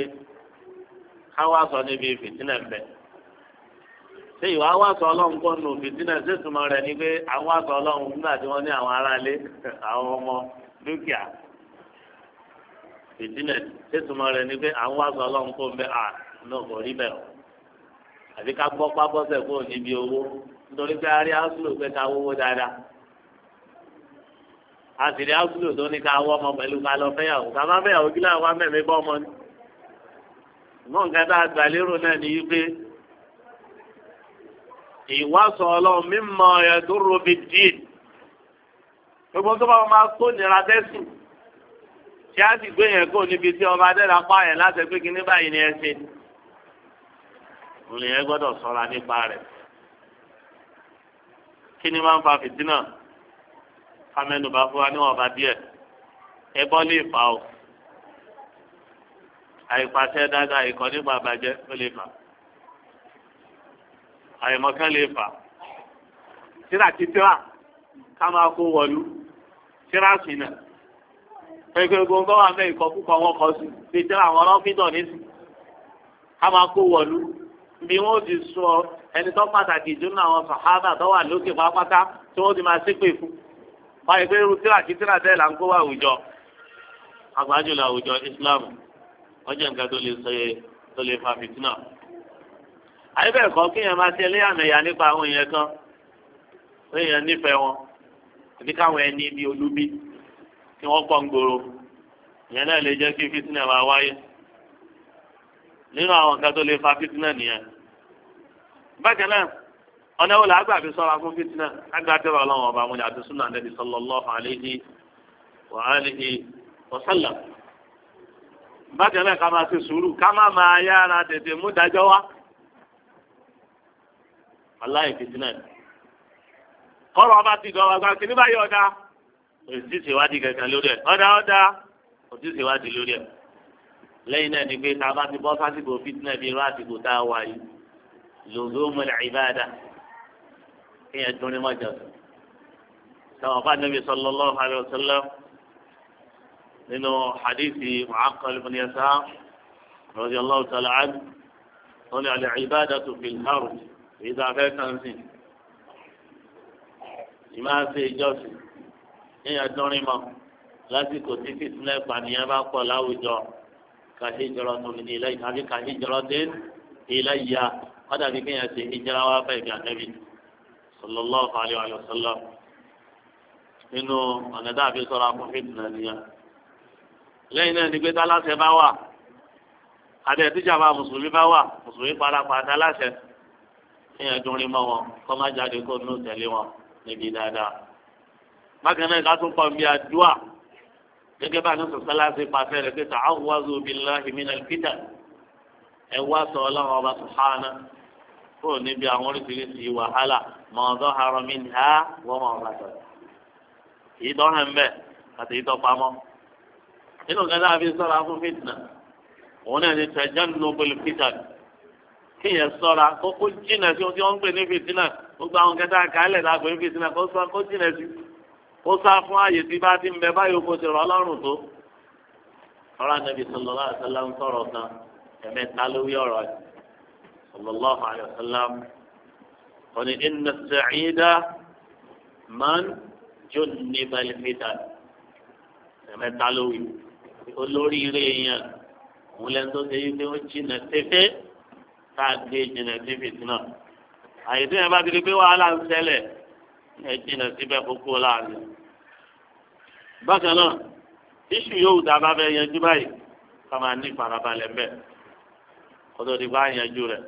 káwá sọ níbi fitinẹ bẹ́ẹ̀ ṣé ìwà wà sọ ọlọ́run kọ́ nù fìtínà ṣé ìtumọ̀ rẹ̀ ni pé àwọn àtọ̀ ọlọ́run nígbà tí wọ́n ní àwọn aráalé àwọn ọmọ dúkìá fìtínà ṣé ìtumọ̀ rẹ̀ ni pé àwọn àtọ̀ ọlọ́run kọ́ ń bẹ à náà kò rí bẹ́ẹ̀ o àbí ká gbọ́ pábọ́sẹ̀ kó o níbi owó nítorí pé arí áṣùlò pé ká wówó dáadáa a sì rí áṣùlò tó ní ká wọ́ ọmọ pẹ̀lú ká lọ fẹ́yàwó ká má fẹ́yàwó kí láwọn wá mẹ́mí bọ́ ọmọ ni. nǹkan tá a gbà lérò náà ni wípé ìwásọ̀ ọlọ́run mímọ ẹ̀dúró bíi dín gbogbo tó bá wọn máa kó nira tẹ́sùn tí a sì gbé yẹn kó níbi tí ọba adẹ́rẹ́ apá yẹn láti pé kíní báyìí ni ẹ ṣe olùyẹn gbọ́dọ̀ sọ́ra nípa rẹ̀ kí ni máa ń fa fìtínà amẹnubá fún wa níwọ̀n bá díẹ̀ ẹbọ lè fà ó àìpàṣẹ dáadáa ìkọ́ nípa àbàjẹ́ ó lè fà ó. àyẹ̀mọ̀kan lè fà tíra ti tíra ká máa kó wọlú tíra sí náà pẹ̀lú gbogbo wà mẹ́ ìkọkúkọ wọn kọ sí bí tíra àwọn ọlọ́fíìdọ̀ nísì ká máa kó wọlú bí wọn ti sọ ẹni tó pàtàkì jù náà àwọn sàhábà tó wà lókè pápátá tí ti máa fún yìí pé irú tíra bẹ́ẹ̀ Islam jẹ́ nǹkan tó lè àyíbẹ̀ kọ́ kéèyàn máa ṣe ẹlẹ́yàmẹ̀yà nípa àwọn èèyàn kan kéèyàn nífẹ̀ẹ́ wọn àbí káwọn ẹni bíi olúbí kí wọ́n pọ̀ ń gbòòrò ìyẹn náà lè jẹ́ kí fitinẹ̀ máa wáyé nínú àwọn nǹkan tó lè fa fitinẹ̀ nìyẹn. bákan náà ọ̀nà wo làá gbà fi sọ́ra fún fitinẹ̀ àgbà tẹ́wọ̀ ọlọ́run ọba àwọn àti súnà náà ká máa ṣe sùúrù ká má aláì fìtínà ni kọ́rọ̀ ọba ti dọ̀ ọgbà kí ní báyìí ọ̀dà òtítì ṣèwádìí kankan lórí ẹ̀ ọ̀dà ọ̀dà òtítì ṣèwádìí lórí ẹ̀ lẹ́yìn náà ni pé tá a bá ti bọ́ sásìkò fìtínà bíi irú àsìkò tá a wà yìí lòzó mọ̀lẹ̀ ìbáadà kéèyàn dún ní mọ́jọ táwọn bá níbi sallallahu alaihi wasallam nínú hadithi Mu'aqqal ibn Yasar radiyallahu ta'ala anhu wọn ni al-ibadatu fil ardh èyí tó afẹ́ kàn sí ìmọ̀ àti ìjọsìn yíyan dúnrín mọ́ lásìkò tí fìtúnlẹ̀ pànìyàn bá pọ̀ láwùjọ kàṣí ìjọrọ̀ tó ní ilé àti kàṣí ìjọrọ̀ dé ilé ìyá ọ̀dà bí kéèyàn ṣe ìjọra wá fẹ́ ìgbà nẹ́bí sallallahu alaihi wa sallam nínú ọ̀nà dàbí sọ̀rọ̀ àpòfin nàìjíríà lẹ́yìn náà ni pé tálásẹ̀ bá wà àti bá mùsùlùmí bá wà mùsùlùmí kéèyàn dún rí mọ́ wọn kó má jáde kó nù tẹ̀lé wọn níbi dáadáa. bákan náà ká tún pọ̀ bí adúà gẹ́gẹ́ bá ní sọ̀sálà ṣe pàṣẹ rẹ̀ pé ta'awwazu billahi minal fitan ẹ wá sọ ọlọ́run ọba sùhánà kó níbi àwọn oríṣiríṣi wàhálà ma zahara minha wa ma batan. èyí tó hàn bẹ́ẹ̀ àti èyí pamọ́. nínú gẹ́gẹ́ àfi sọ̀rọ̀ afún fitna òun náà ni tajannu bil fitan kíyẹn sọ́ra kó kó jìnà sí ohun tí wọ́n ń pè ní fìtínà gbogbo àwọn kẹta àkàálẹ̀ la pè ní fìtínà kó sọ kó jìnà sí kó sá fún ààyè tí bá ti ń bẹ báyìí o kò ti rọ ọlọ́run tó. ọ̀rọ̀ ànábì sallallahu alaihi wasallam ń sọ̀rọ̀ kan ẹ̀mẹ́ta lórí ọ̀rọ̀ ẹ̀ sallallahu alaihi wasallam wọ́n ní inna as-sa'ida man junniba al-fitan ẹ̀mẹ́ta lórí olóríire yẹn òun lẹ́nu tó ṣe yí pé ó jìnà tẹ́fẹ́ ká gbé jìnnà sí fìtínà àyètí yẹn bá ti di pé wàhálà ń ṣẹlẹ̀ ẹ jìnnà síbẹ̀ kókó láàrin. bákan náà iṣu yóò dá bá fẹ́ yanjú báyìí ká máa ní ìfarabalẹ̀ mbẹ́ kótó ti bá yanjú rẹ̀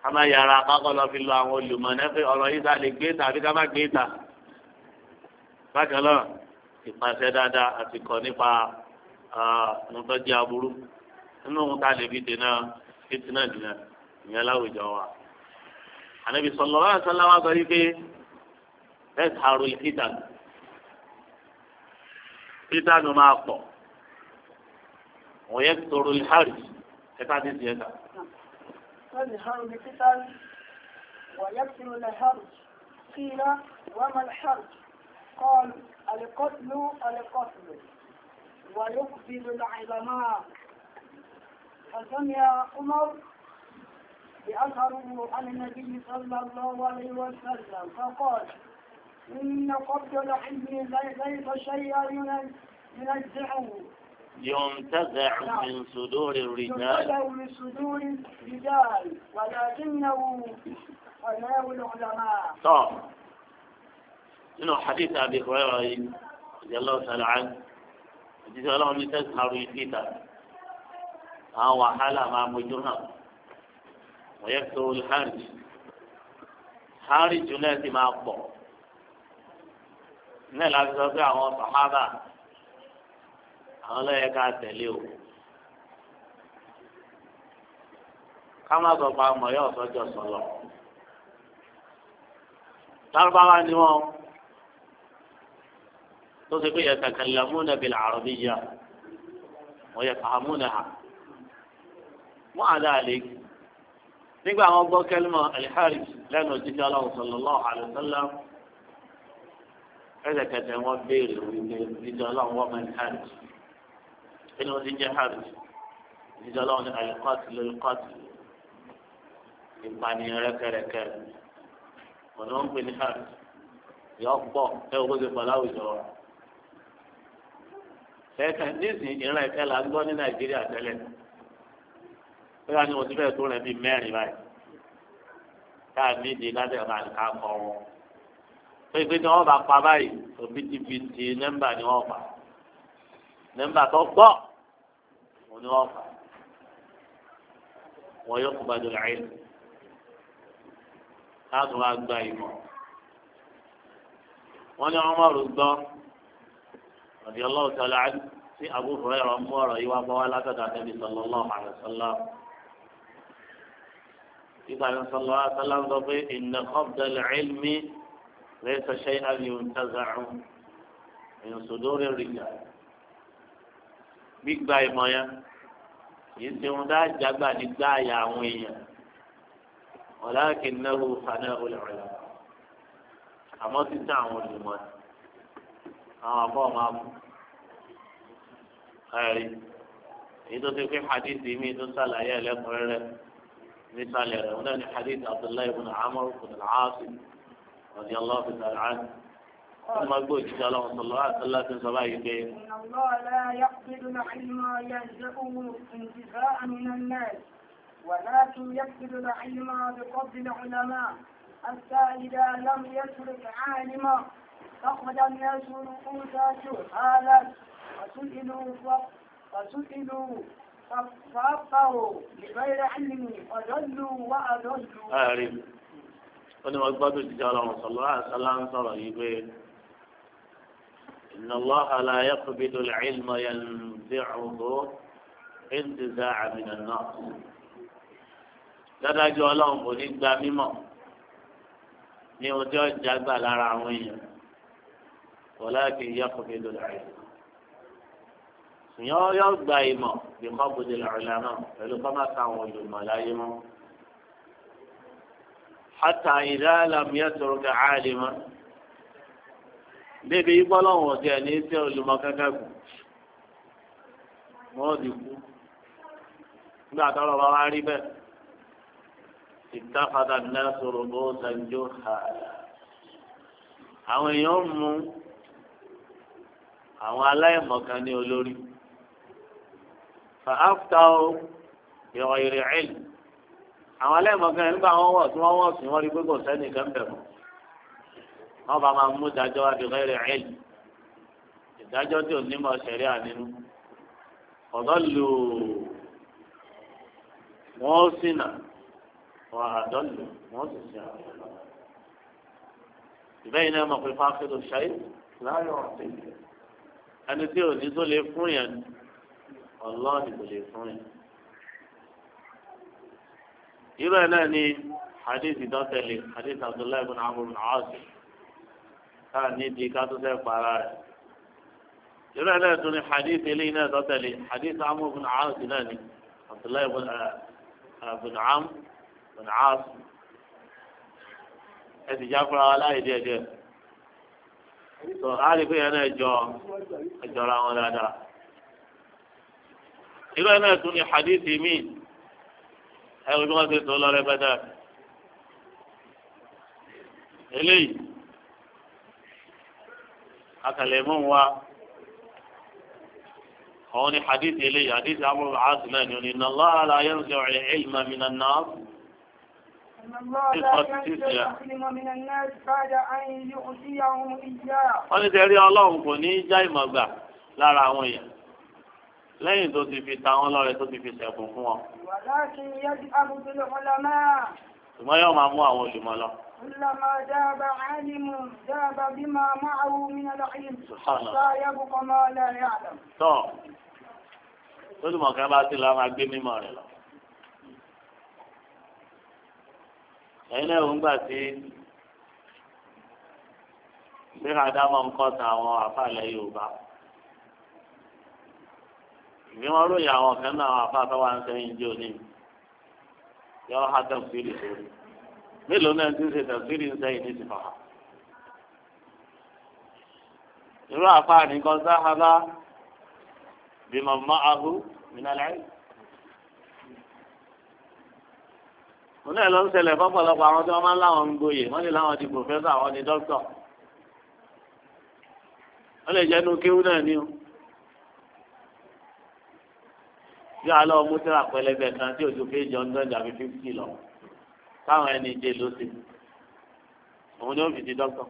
ká máa yàrá kákọ́ lọ fi lọ àwọn olùmọ̀nẹ́fẹ́ ọ̀rọ̀ yìí ta lè gbé ta àbí ká má gbé ta. bákan náà ìpàṣẹ dáadáa àti kọ́ nípa nǹkan jẹ́ aburú nínú ohun tá a lè fi dènà fitinà jùlọ ìyẹn láwùjọ wa ànábì sọlọ lọ́wọ́ sọlá wa sọ wípé bẹ́ẹ̀ kàrò ìfitànù fitànù máa pọ̀ wọ́n yẹ tóró ìhárì ẹ̀ka ti tiẹ̀ ta. ويكثر الحرج قيل وما الحرج قال القتل القتل ويقبل العلماء فسمع عمر بأثره عن النبي صلى الله عليه وسلم فقال إن قبض العلم ليس شيئا ينزعه ينتزع من صدور الرجال ينتزع من صدور الرجال ولكنه قناه العلماء طب إنه حديث أبي هريرة رضي الله تعالى عنه حديث الله تزهر الفتن àwọn wàhálà máa mojú hàn wọ́yẹ́ tó hàrì hàrì jù náà sì máa pọ̀ náà láti sọ pé àwọn sàhábà àwọn lọ́yẹ̀ ká tẹ̀lé o ká má ọmọ yóò sọjọ sọlọ lárúbáwá ni wọn tó ṣe pé yatakallamuna bil arabiyya wa yafhamunaha wa ala dhalik nígbà àwọn gbọ́ kẹlímọ̀ alihari lẹ́nu òjijì aláwọ̀ sallallahu alaihi wasallam ẹ̀ẹ́dẹ̀kẹ̀tẹ̀ wọn béèrè wípé òjijì aláwọ̀ wọn mẹ́rin hajj inú òjijì hajj òjijì aláwọ̀ ní alikọ́tì lóríkọ́tì ìpànìyàn rẹ́kẹrẹ́kẹ́ ọ̀nà ń pè ní hajj yọ pọ̀ ẹ̀ wọ́n ti pàlà àwùjọ wa. ẹ̀ẹ́kẹ̀ nísìnyí ìran ẹ̀kẹ́ gbọ́ ní Nàìjíríà tẹ́lẹ̀ bóyá ni òsì bẹ́ẹ̀ tó rẹ̀ bíi mẹ́rin báyìí káà nídìí lábẹ́ ọ̀nà àdìká kọ́ wọn. pé pé ni wọ́n bá pa báyìí òbítíbitì nẹ́mbà ni wọ́n pa nẹ́mbà tó gbọ́ òun ni wọ́n pa wọ́n yóò kó gbàdúrà rẹ̀ láìlú láàtún wá gba ìmọ̀ wọ́n ní ọmọ rò gbọ́ ọ̀dí ọlọ́ọ̀tọ́ láti Abu Hurairah mú ọ̀rọ̀ yìí wá bọ́ wá látọ̀dọ̀ àtẹ́bí sallallahu alaihi wasallam nígbà tó sọlọ àtàlà ń sọ pé ìnà kọ́bdàlẹ̀ ẹ̀lmí rẹ̀ sọ̀ṣẹ́ àyùn tazàrùn èèyàn sòdórí rìjà gbígba ìmọ̀ yẹn yìí ṣe wọn dá jágbà ní gbáàyà àwọn èèyàn ọ̀làkì náà fana olùrẹ̀ àmọ́ títà àwọn olùmọ̀ àwọn àbọ̀ máa mú ẹ̀rí ti fi hadithi mi tó sàlàyé ẹlẹ́kùnrin rẹ̀. مثال يعني. هناك حديث عبد الله بن عمرو بن العاص رضي الله تعالى عنه ثم يقول إن شاء الله صلى الله عليه وسلم إن الله لا يقبل العلم ينزعه انتفاء من الناس ولكن يقبل العلم بقبض العلماء حتى إذا لم يترك عالما فقد الناس رؤوس جهالا فسئلوا فسئلوا Ààrẹ ó ní wọ́n gbọ́dọ̀ jíjá ọlọ́run sọ̀rọ̀ àṣálá ń sọ̀rọ̀ yìí pé إن الله لا يقبض العلم ينزعه انتزاعا من الناس dádájọ́ ọlọ́run kò ní gba mímọ̀ ní ọjọ́ ìjágbà lára àwọn èèyàn wọ́n láti yẹ lò láàyè yọ yọ gba ìmọ̀ bí kò bóde lọ́la náà pẹ̀lú kọ́ máa ta àwọn olùmọ̀ láyé mọ́. hata ìdáàlà miyàtọ̀rọ̀ ká àlè mọ́. débi ìgbọ́lọ́wọ̀n ọ̀tí ẹ̀ ní í tẹ́ olùmọ̀ kankan kù. wọ́n ti kú. nígbà tọ́lọ̀ bá rí bẹ́ẹ̀. ìtàkàtà náà sọ̀rọ̀ bó sanjó ha. àwọn èèyàn mú àwọn aláìmọ̀kan ní olórí fa áfítà ó yọ ìrìn ẹ̀lì àwọn alẹ́mọ̀gán ẹ̀ nígbà wọn wọ̀ tí wọ́n wọ̀ sí wọn rí gbogbo sẹ́ni kẹ́mbẹ̀ mọ́ wọn bá máa mú ìdájọ́ àdìgbẹ́ ìrìn ẹ̀lì ìdájọ́ tí ò ní mọ̀ ṣẹ̀rí ànínú ọ̀dọ́ lò wọ́n sì nà wọ́n àdọ́ lò wọ́n sì sí àwọn ìbẹ́yìn náà mọ̀ pé fáfẹ́ ló ṣayé láàárọ̀ ọ̀sẹ̀ ẹni tí ò ní tó lè fún yẹn ọlọ́ọ̀nì kò lè fún ẹ̀. irú ẹ̀ náà ni hadith ìdọ́tẹ̀lẹ̀ hadith abdullahi bin amr bin aas káà níbi ká tó fẹ́ para rẹ̀. irú ẹ̀ náà tún ni hadith eléyìí náà dọ́tẹ̀lẹ̀ hadith amr bin aas náà ni abdullahi bin eh, eh, amr bin aas ẹ ti já fúnra wa láì díẹ̀ díẹ̀. tó a lè pè náà jọ ẹjọ́ra wọn dáadáa irú ẹ̀ náà tún ní hadithi mi ẹ wo bí wọ́n ti tó lọ rẹpẹtẹ eléyìí akàlẹ́mú wa àwọn ní hadithi eléyìí hadithi amúlò àásì náà ni ó ní inna Allaha la yanzi'u al-ilma minan nas. wọ́n ní sẹ́rí ọlọ́run kò ní í já ìmọ̀ gbà lára àwọn èèyàn lẹ́yìn tó ti fi ta wọn lọ́rẹ tó ti fi sẹ̀kùn fún wọn. ṣùgbọ́n yóò máa mú àwọn olùmọ̀ lọ. كلما داب عالم بما معه من العلم لا ما لا يعلم. tọ́ lójúmọ̀ kan bá ti lọ máa gbé mímọ̀ rẹ̀ lọ. ẹ̀yin náà ń gbà sí bí àdámọ̀ ń kọ́ ta àwọn àfàlẹ́ Yorùbá bí wọ́n ròyìn àwọn kan náà àwọn afáfẹ́ wa ń sẹ́yìn jẹ́ òní yọ ha tẹ̀síìrì sórí mélòó náà ti ń ṣe tẹ̀síìrì ń sẹ́yìn ní ìsìnkà irú àfáà nìkan sáhábà bímọ mọ́ ahu mìnàláì. òun náà ló ń ṣẹlẹ̀ fọ́pọ̀lọpọ̀ àwọn tí wọ́n máa ń láwọn ń gboyè wọ́n lè láwọn di pòfẹ́sọ̀ àwọn di dókítọ̀ wọ́n lè jẹ́ nu kéwú náà ní o. bí alọ́ mọ́tẹ́rà pẹlẹbẹ kan tí ojú péjì ọ̀ndọ́n dàbí fífítì lọ táwọn ẹni jẹ ló ti òun ni ó fi di dọ́kítọ̀.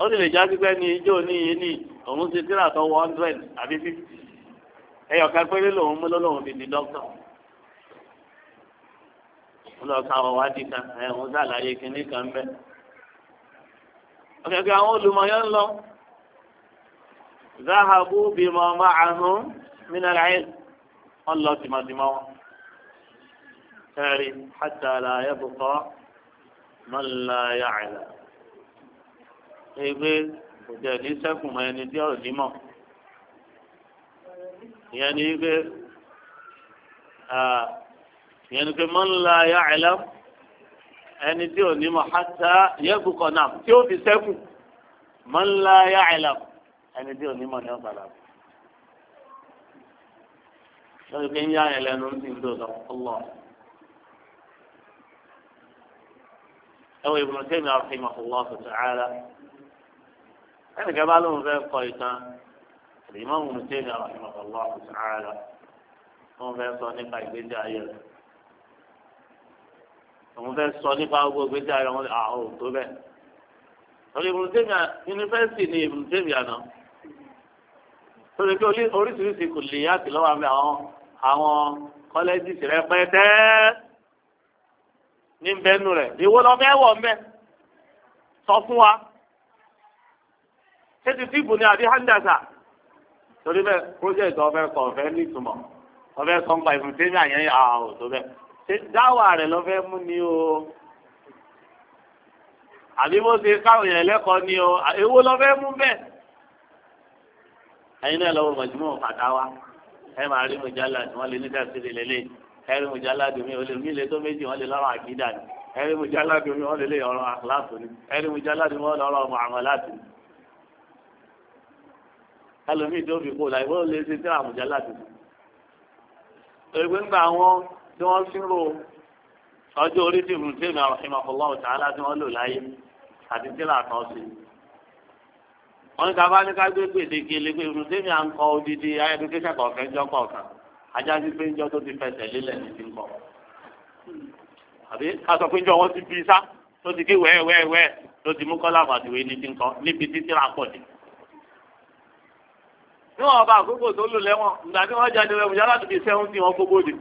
ó sì lè já pípẹ́ ní ijó ní iye ní òun ti tíra tó wọ hundred àbí fifty ẹyọ kan péré lòun mú lọ́lọ́run fi di dọ́kítọ̀. ó lọ ka ọ̀wádìí kan ẹ̀ ń sàlàyé kinní kan bẹ́ẹ̀. ọ̀kẹ́kẹ́ àwọn olùmọ̀yọ́ ń lọ. zahabu bímọ máa hàn minal ilm wọn lọ tìmọ̀tìmọ̀ wọn kẹrì hatta la yabqa man la ya'lam ẹgbẹ́ kò tẹ̀ ní sẹ́kùn mọ́ ẹni tí ọ̀rọ̀ nímọ̀ ìyẹn ni pé ìyẹn ni pé man la ya'lam ẹni tí ò nímọ̀ hatta yabqa náà tí ó fi sẹ́kùn man la ya'lam ẹni tí ò nímọ̀ ní ọ̀gbàlà kù lórí pé ń yá yẹn lẹ́nu ń sìn dòdò ọlọ́ ẹwọ Ibn Taymiyyah rahimahullah ta'ala ẹnì kan bá lóun fẹ́ kọ ìtàn Imam Ibn Taymiyyah rahimahullah ta'ala wọn fẹ́ sọ nípa ìgbésí ayé rẹ̀ wọn fẹ́ sọ nípa gbogbo ìgbésí ayé wọn àwọn ò tó bẹ́ẹ̀ lórí Ibn Taymiyyah yunifásitì ni Ibn Taymiyyah náà lórí pé oríṣiríṣi kò lè yá sí àmì àwọn àwọn kọ́lẹ́jì rẹ̀ pẹ́tẹ́ ní bẹ́nu rẹ̀ ìwọ lọ fẹ́ wọ̀ mbẹ́ sọ fún wa ṣé ti tìbù ni àbí hàndàsà torí bẹ́ẹ̀ project ọ̀fẹ́ kọ̀ ọ̀fẹ́ nítumọ̀ ọ̀fẹ́ sọ̀npa ìfúntẹ́mí àyẹ̀yẹ̀ àwọn òtó bẹ́ẹ̀ ṣe dáwà rẹ̀ lọ́fẹ́ mú ni o àbí bó ṣe káwọn èèyàn lẹ́kọ̀ọ́ ni o èwo lọ́fẹ́ mú bẹ́ẹ̀ ẹ̀yin náà lọ́wọ́ mọ̀júmọ́ fàtà wa ẹ máa rí mujalla tí wọ́n lè ní tẹ̀sílẹ̀ lélẹ̀ ẹ rí mujalla dùn mí o lè mí lè tó méjì wọ́n lè lọ́rọ̀ àkídà ni ẹ rí mujalla dùn mí wọ́n lè lè ọ̀rọ̀ àkàlàfù ni ẹ rí mujalla dùn mí wọ́n lọ́rọ̀ muamalati ni. ẹlòmíì tó fi kó láì wọ́n lè ṣe tíra mujalla dùn mí. ègbé ńgbà wọn tí wọ́n fi ro ọjọ́ orí tìmùtẹ́mi àrùn ìmọ̀ wọn ká bá ní ká gbé gbèdéke lé pé irúsẹ́mi à ń kọ odidi ayélujáfẹ́ kọ̀ọ̀kan jọ kọ̀ọ̀kan ajá sí pé njọ́ tó ti fẹsẹ̀ lélẹ̀ ní ti ń kọ̀. àbí ká sọ pé njọ́ wọn ti bí sá tó ti ké wẹ́ẹ́wẹ́ẹ́wẹ́ ló ti mú kọ́lá àbàdìwé ní ti ń kọ́ níbi títí ra pọ̀ dé. níwọ̀n ọba àkókò tó lò lẹ́wọ̀n ìgbà tí wọ́n jáde rẹ̀ bùjá láti fi sẹ́wọ́n tí wọ́n kókó dé.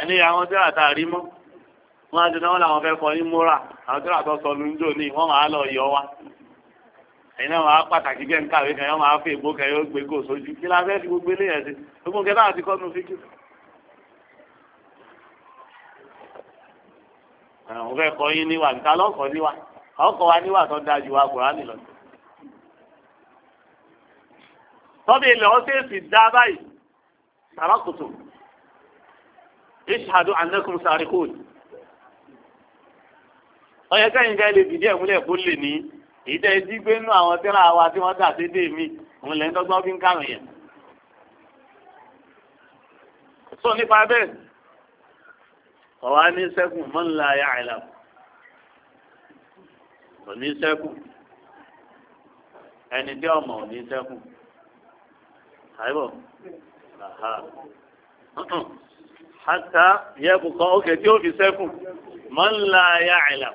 àní àwọn tí àtàrí mọ́ wọn á ti náwó làwọn fẹ́ kọ́ ní múra àwọn tí àtọ́ sọ ní wọ́n ẹ̀yin náà máa pàtàkì bẹ́ẹ̀ ń kàwé kan yóò máa fi ègbó kan yóò gbé kó sójú kí la fẹ́ fi gbogbo eléyàn sí gbogbo nǹkan náà ti kọ́nu fíjì. àwọn fẹ́ kọ́ yín níwà níta lọ́kọ̀ọ́ níwà ọkọ̀ wa níwà tó dáa ju wa Kùránì lọ. tọ́bi ilẹ̀ ọ́sẹ̀sì dá báyìí sàrákùtù ìṣàdù ànákùn sàríkùn ọ̀yẹ́kẹ́yìn ká lè fìdí ẹ̀ múlẹ̀ kó lè ní èyí tẹ́ ẹ jí gbé nínú àwọn tírà wa tí wọ́n tà sédè mí òun lẹ́yìn tọ́gbọ́n fi ń kàwé yẹn. sọ nípa bẹ́ẹ̀ ọ̀wá ní sẹ́kùn mọ́nlá ayá àìlà kò ní sẹ́kùn ẹni tí ọmọ ò ní sẹ́kùn àìbọ̀ hàtà yẹ kò kọ́ tí ó fi sẹ́kùn mọ́nlá ayá àìlà.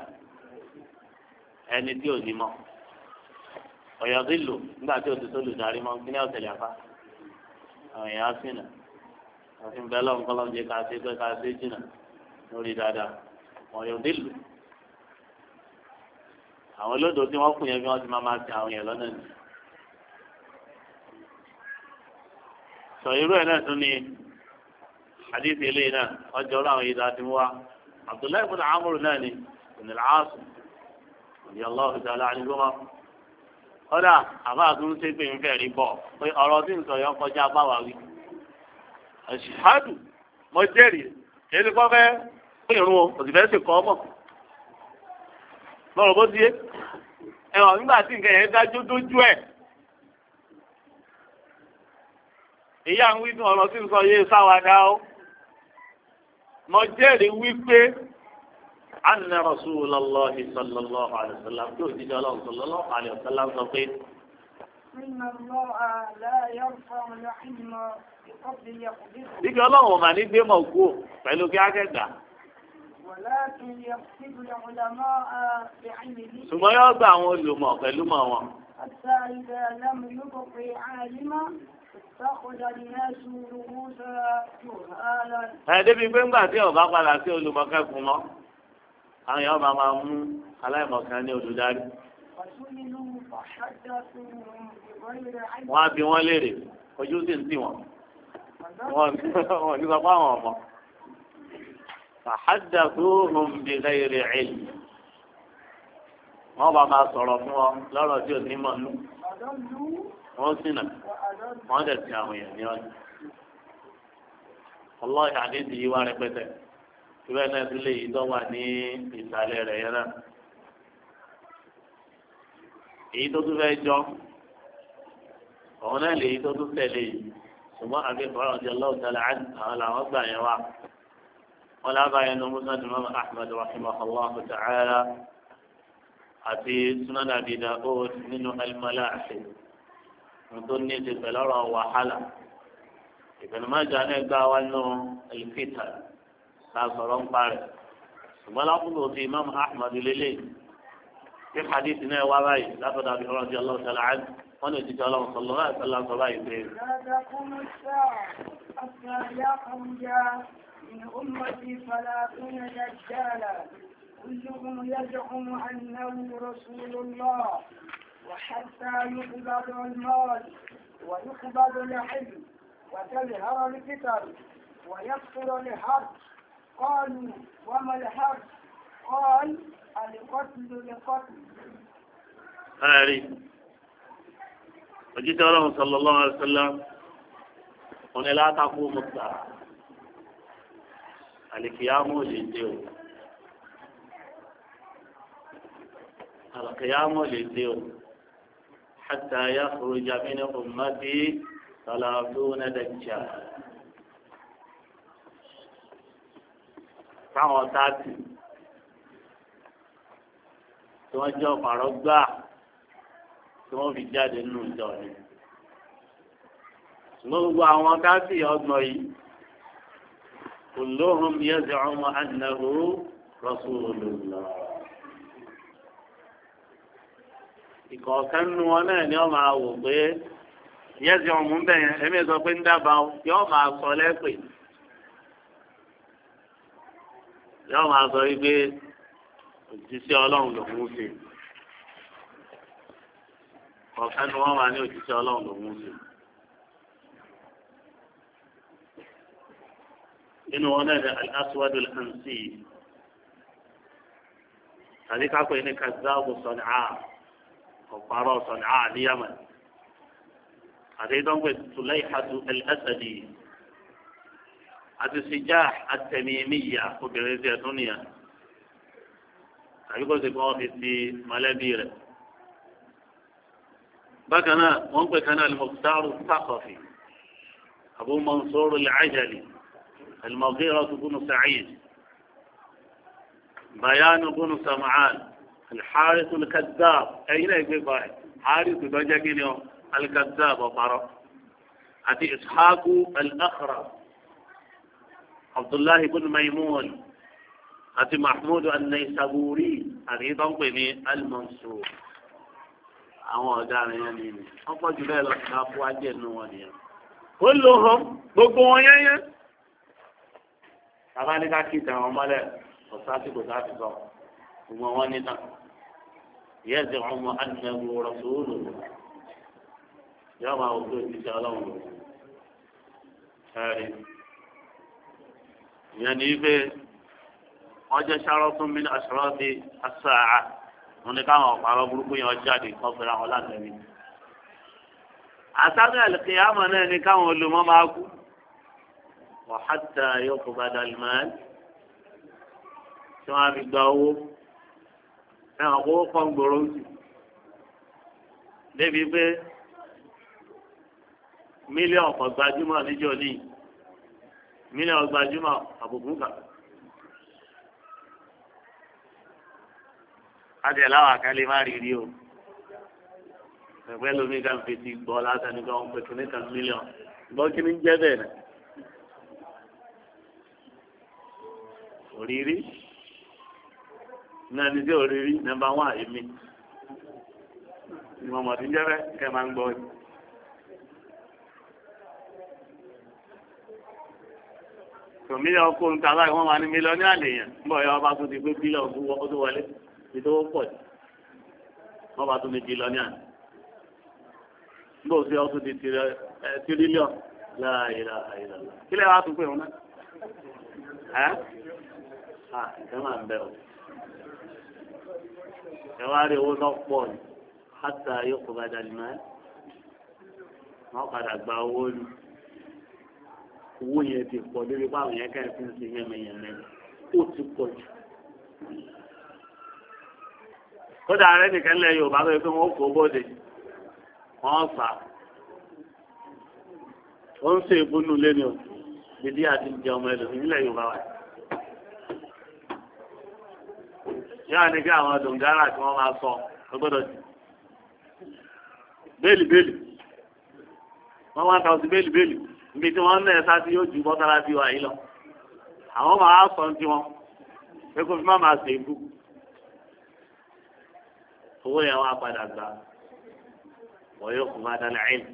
ẹni tí ò ní mọ lò nígbà tí o ti tó lùdarí mọ kí ni ọ̀sẹ̀lẹ̀ afá àwọn èèyàn á sì nà àfi bẹ́ẹ̀ lọ́n kọ́ lọ́n jẹ́ ká ṣe pé ká ṣe jìnà lórí dáadáa ọ̀yọ́ sí lò àwọn olódò tí wọ́n kùn yẹn bí ti máa máa ti àwọn yẹn lọ́nà nì sọ irú náà tún ni àdìsí eléyìí náà ọjọ́ ọ̀rọ̀ yìí Abdullahi náà ni òní ọlọ́run ti aláàánú gbọ́mọ. kódà àbá àtúntò ṣe pé ń rí bọ̀ pé ọ̀rọ̀ tí yọ kọjá báwa wí. àṣìṣàdù mo jẹ́rìí èyí ti fẹ́ kọ́ bó ti yé ẹ̀wọ̀n nígbà tí nǹkan yẹn dájú dójú ẹ̀. ìyá anna rasulallahi sallallahu alayhi wa sallam tó ti jọ lọ́wọ́ sallallahu alayhi wa sallam sọ pé. Dígbà ọlọ́run ò mà ní gbé mọ̀ kú pẹ̀lú kí á kẹ́gbà. Ṣùgbọ́n yóò gba àwọn olùmọ̀ pẹ̀lú mọ̀ wọn. Ẹ̀ẹ́dẹ́bí pé ńgbà tí ọba padà sí olùmọ̀ kẹ́kùn àwọn èèyàn máa máa mú aláìmọ̀kan ní olùdarí. wọ́n á bi wọ́n léèrè ojú sì ń tì wọ́n wọ́n ní sọ fáwọn ọmọ. فحدثوهم بغير علم wọ́n bá máa sọ̀rọ̀ fún ọ lọ́rọ̀ tí ò ní mọ̀ nù. wọ́n ṣìnà wọ́n dẹ̀ ti àwọn èèyàn ní ọ̀nà. ọlọ́ọ̀ṣà àdéhùn yìí wá rẹpẹtẹ ìwé náà ti lè yìí tó wà ní ìsàlẹ̀ rẹ̀ yẹn náà èyí tó tún fẹ́ jọ òun náà lè yìí tó tún tẹ̀lé yìí ṣùgbọ́n àbí ìfọ̀rọ̀ ọ̀jọ̀ lọ́wọ́ tẹ̀lé àwọn làwọn gbà yẹn wá wọn lábàá yẹn lọ́mú sọ́dún mọ́mọ́ ahmed rahimahullah ta'ala àti sunan abi daud nínú alimọ́lá àṣẹ nítorí ní ti pẹ̀lú ọ̀rọ̀ wàhálà ìpinnu máa jà náà gbá wa nù alifita tá a sọ̀rọ̀ ń parẹ̀ ṣùgbọ́n lákùnrin òfin imam ahmed lélẹ̀ tí hadith náà wá báyìí látọ̀dọ̀ àbí ọlọ́run ti ọlọ́run sọ̀rọ̀ àdì wọ́n lè jíjẹ́ ọlọ́run sọ̀rọ̀ láì sọ̀rọ̀ sọ̀rọ̀ báyìí pé. من أمتي ثلاثون دجالا كلهم يزعم أنه رسول الله وحتى يقبض المال ويقبض العلم وتظهر الفتن ويكثر الحرب قالوا وما الحرب قال القتل لقتل أعرف وجيت له صلى الله عليه وسلم قلنا لا تعفو مطلع قال لك يا موجي ديو القيام حتى يخرج من أمتي ثلاثون دجال táwọn táàtì tí wọ́n jẹ́ ọ̀pàrọ̀ gbà tí wọ́n fi jáde nínú ìjọ ni. ṣùgbọ́n gbogbo àwọn táàtì ọgbọ̀n yìí kò lóhùn yẹ́sẹ̀ ọmọ àdìnàrò rọ́ṣùlùmọ́. ìkọ̀ọ̀kan nu wọn náà ni wọ́n máa wò pé yẹ́sẹ̀ ọmọ ń bẹ̀yẹn ẹ̀mí sọ pé ń dábàá yọ́ máa sọ lẹ́pẹ̀ẹ́. yóò máa sọ wípé òjíṣẹ́ ọlọ́run lòún ṣe ọ̀kan ni wọ́n máa ní òjíṣẹ́ ọlọ́run lòún ṣe. nínú wọn náà ní aláṣíwájú lẹ́ǹsì tàbí kápẹ́ ní kazabu sọ̀nìá ọ̀párọ̀ sọ̀nìá ní yamani àti ìdánwò tùlẹ̀ ìhàdù ẹ̀lẹ́sẹ̀dì. àti sijá àtẹ̀míyà obìnrin tí ẹ tún nìyà àbíkó ti kọ́ fi ti mọ̀lẹ́bí rẹ̀. bákan náà wọ́n ń pè kan náà alimọ̀tàrú sàkọ̀fì abu mansour al-ajali alimọ̀gíra bunu sa'id bayan bunu sam'an alḥarisu alkazab ẹ̀yin náà gbé báyìí harisu lọ́jọ́ kí ni ọ alkazab ọ̀parọ́ àti ishaku al-akhram. عبد الله بن ميمون mahmud محمود naysaburi àti ìtọ́npẹ̀ ní al-mansur àwọn ọ̀daràn yẹn nìyẹn wọ́n pọ̀ jù bẹ́ẹ̀ lọ sí abú ajé nínú wọn nìyẹn. ó lò hàn gbogbo wọn yẹ́yẹ́. bàbá ní ká kí ìtàn wọn mọ́lẹ̀ ọ̀sáàtì kò sáà sọ gbogbo wọn nínà. ìyá ẹ̀sìn ọmọ adìyẹ́wò rọ̀sọ́ọ̀lù yọ̀ọ́ máa wò pé òjijì ọlọ́run lò ìyẹn ní pé wọ́n jẹ́ sárọ́tún mi àṣọrọ́ bíi asáà wọn ni káwọn ọ̀pọ̀ burúkú yẹn jáde kọ́ fẹ́ra wọn látẹ̀lé. àtàkùn àlùkìyàmọ̀ náà ni káwọn olùmọ̀ máa kú wa hatta yuqbada al-mal tí wọ́n á fi gba owó ẹ̀wọ̀n kó kàn gbòòrò sí débi pé mílíọ̀nù kan gbajúmọ̀ níjọ́ níyì mílíọ̀nù ọgbàjúmọ̀ àbùkù kan. láti ẹ̀ láwọn àkálẹ̀ má rí rí o ẹgbẹ́ lómi kan fi ti gbọ́ lásán ní kan pé kìnnì kan mílíọ̀nù gbọ́ kìnnì jẹ́ bẹ́ẹ̀ náà. òrírí náà ní sí òrírí nọ́mbà wán èmi ìmọ̀mọ̀ tí ń jẹ́ bẹ́ẹ̀ kẹ́ máa ń gbọ́ yìí. tòmílíọ̀n kó ń ta báyìí wọ́n máa ní mílíọ̀nù àlèyàn nígbà yẹn wọ́n bá tún ti gbé bílíọ̀nù fún wọn tó wọlé ní tó pọ̀ jù wọ́n bá tún ní bílíọ̀nù àná nígbà òsì ọ̀tún ti tírílíọ̀nù láàyèlá àyèlá kílẹ̀ wàá tún pè wọn náà ẹ̀ ẹ̀ máa ń bẹ̀ o ẹ wá rí owó tó pọ̀ owó yẹn ti pọ̀ débi pàwọn yẹn kàn fi ń sin yẹn mẹ́yẹn rẹ̀ ó ti pọ̀ jù. kódà rẹ nìkan lẹ Yorùbá tó yẹ pé wọn kò bọ́dẹ̀ wọn fà á ó ń ṣe ìbúnú lẹ́nu o bìdí àti ìjẹ ọmọ ẹlòmíì nílẹ̀ Yorùbá wa. yára ni kí àwọn dòǹgárà tí wọ́n máa sọ ọgbọ́dọ̀ sí bẹ́ẹ̀lì bẹ́ẹ̀lì wọ́n wá ta ọtí bẹ́ẹ̀lì bẹ́ẹ̀lì ibi tí wọ́n ń nẹ̀ sáà tí yóò ju bọ́tara bí wa yìí lọ àwọn máa sọ ti wọn pé kó fi má máa ṣe ibú owó yẹn wá padà gbà wọ́n yóò kó máa dáná ẹ̀yìn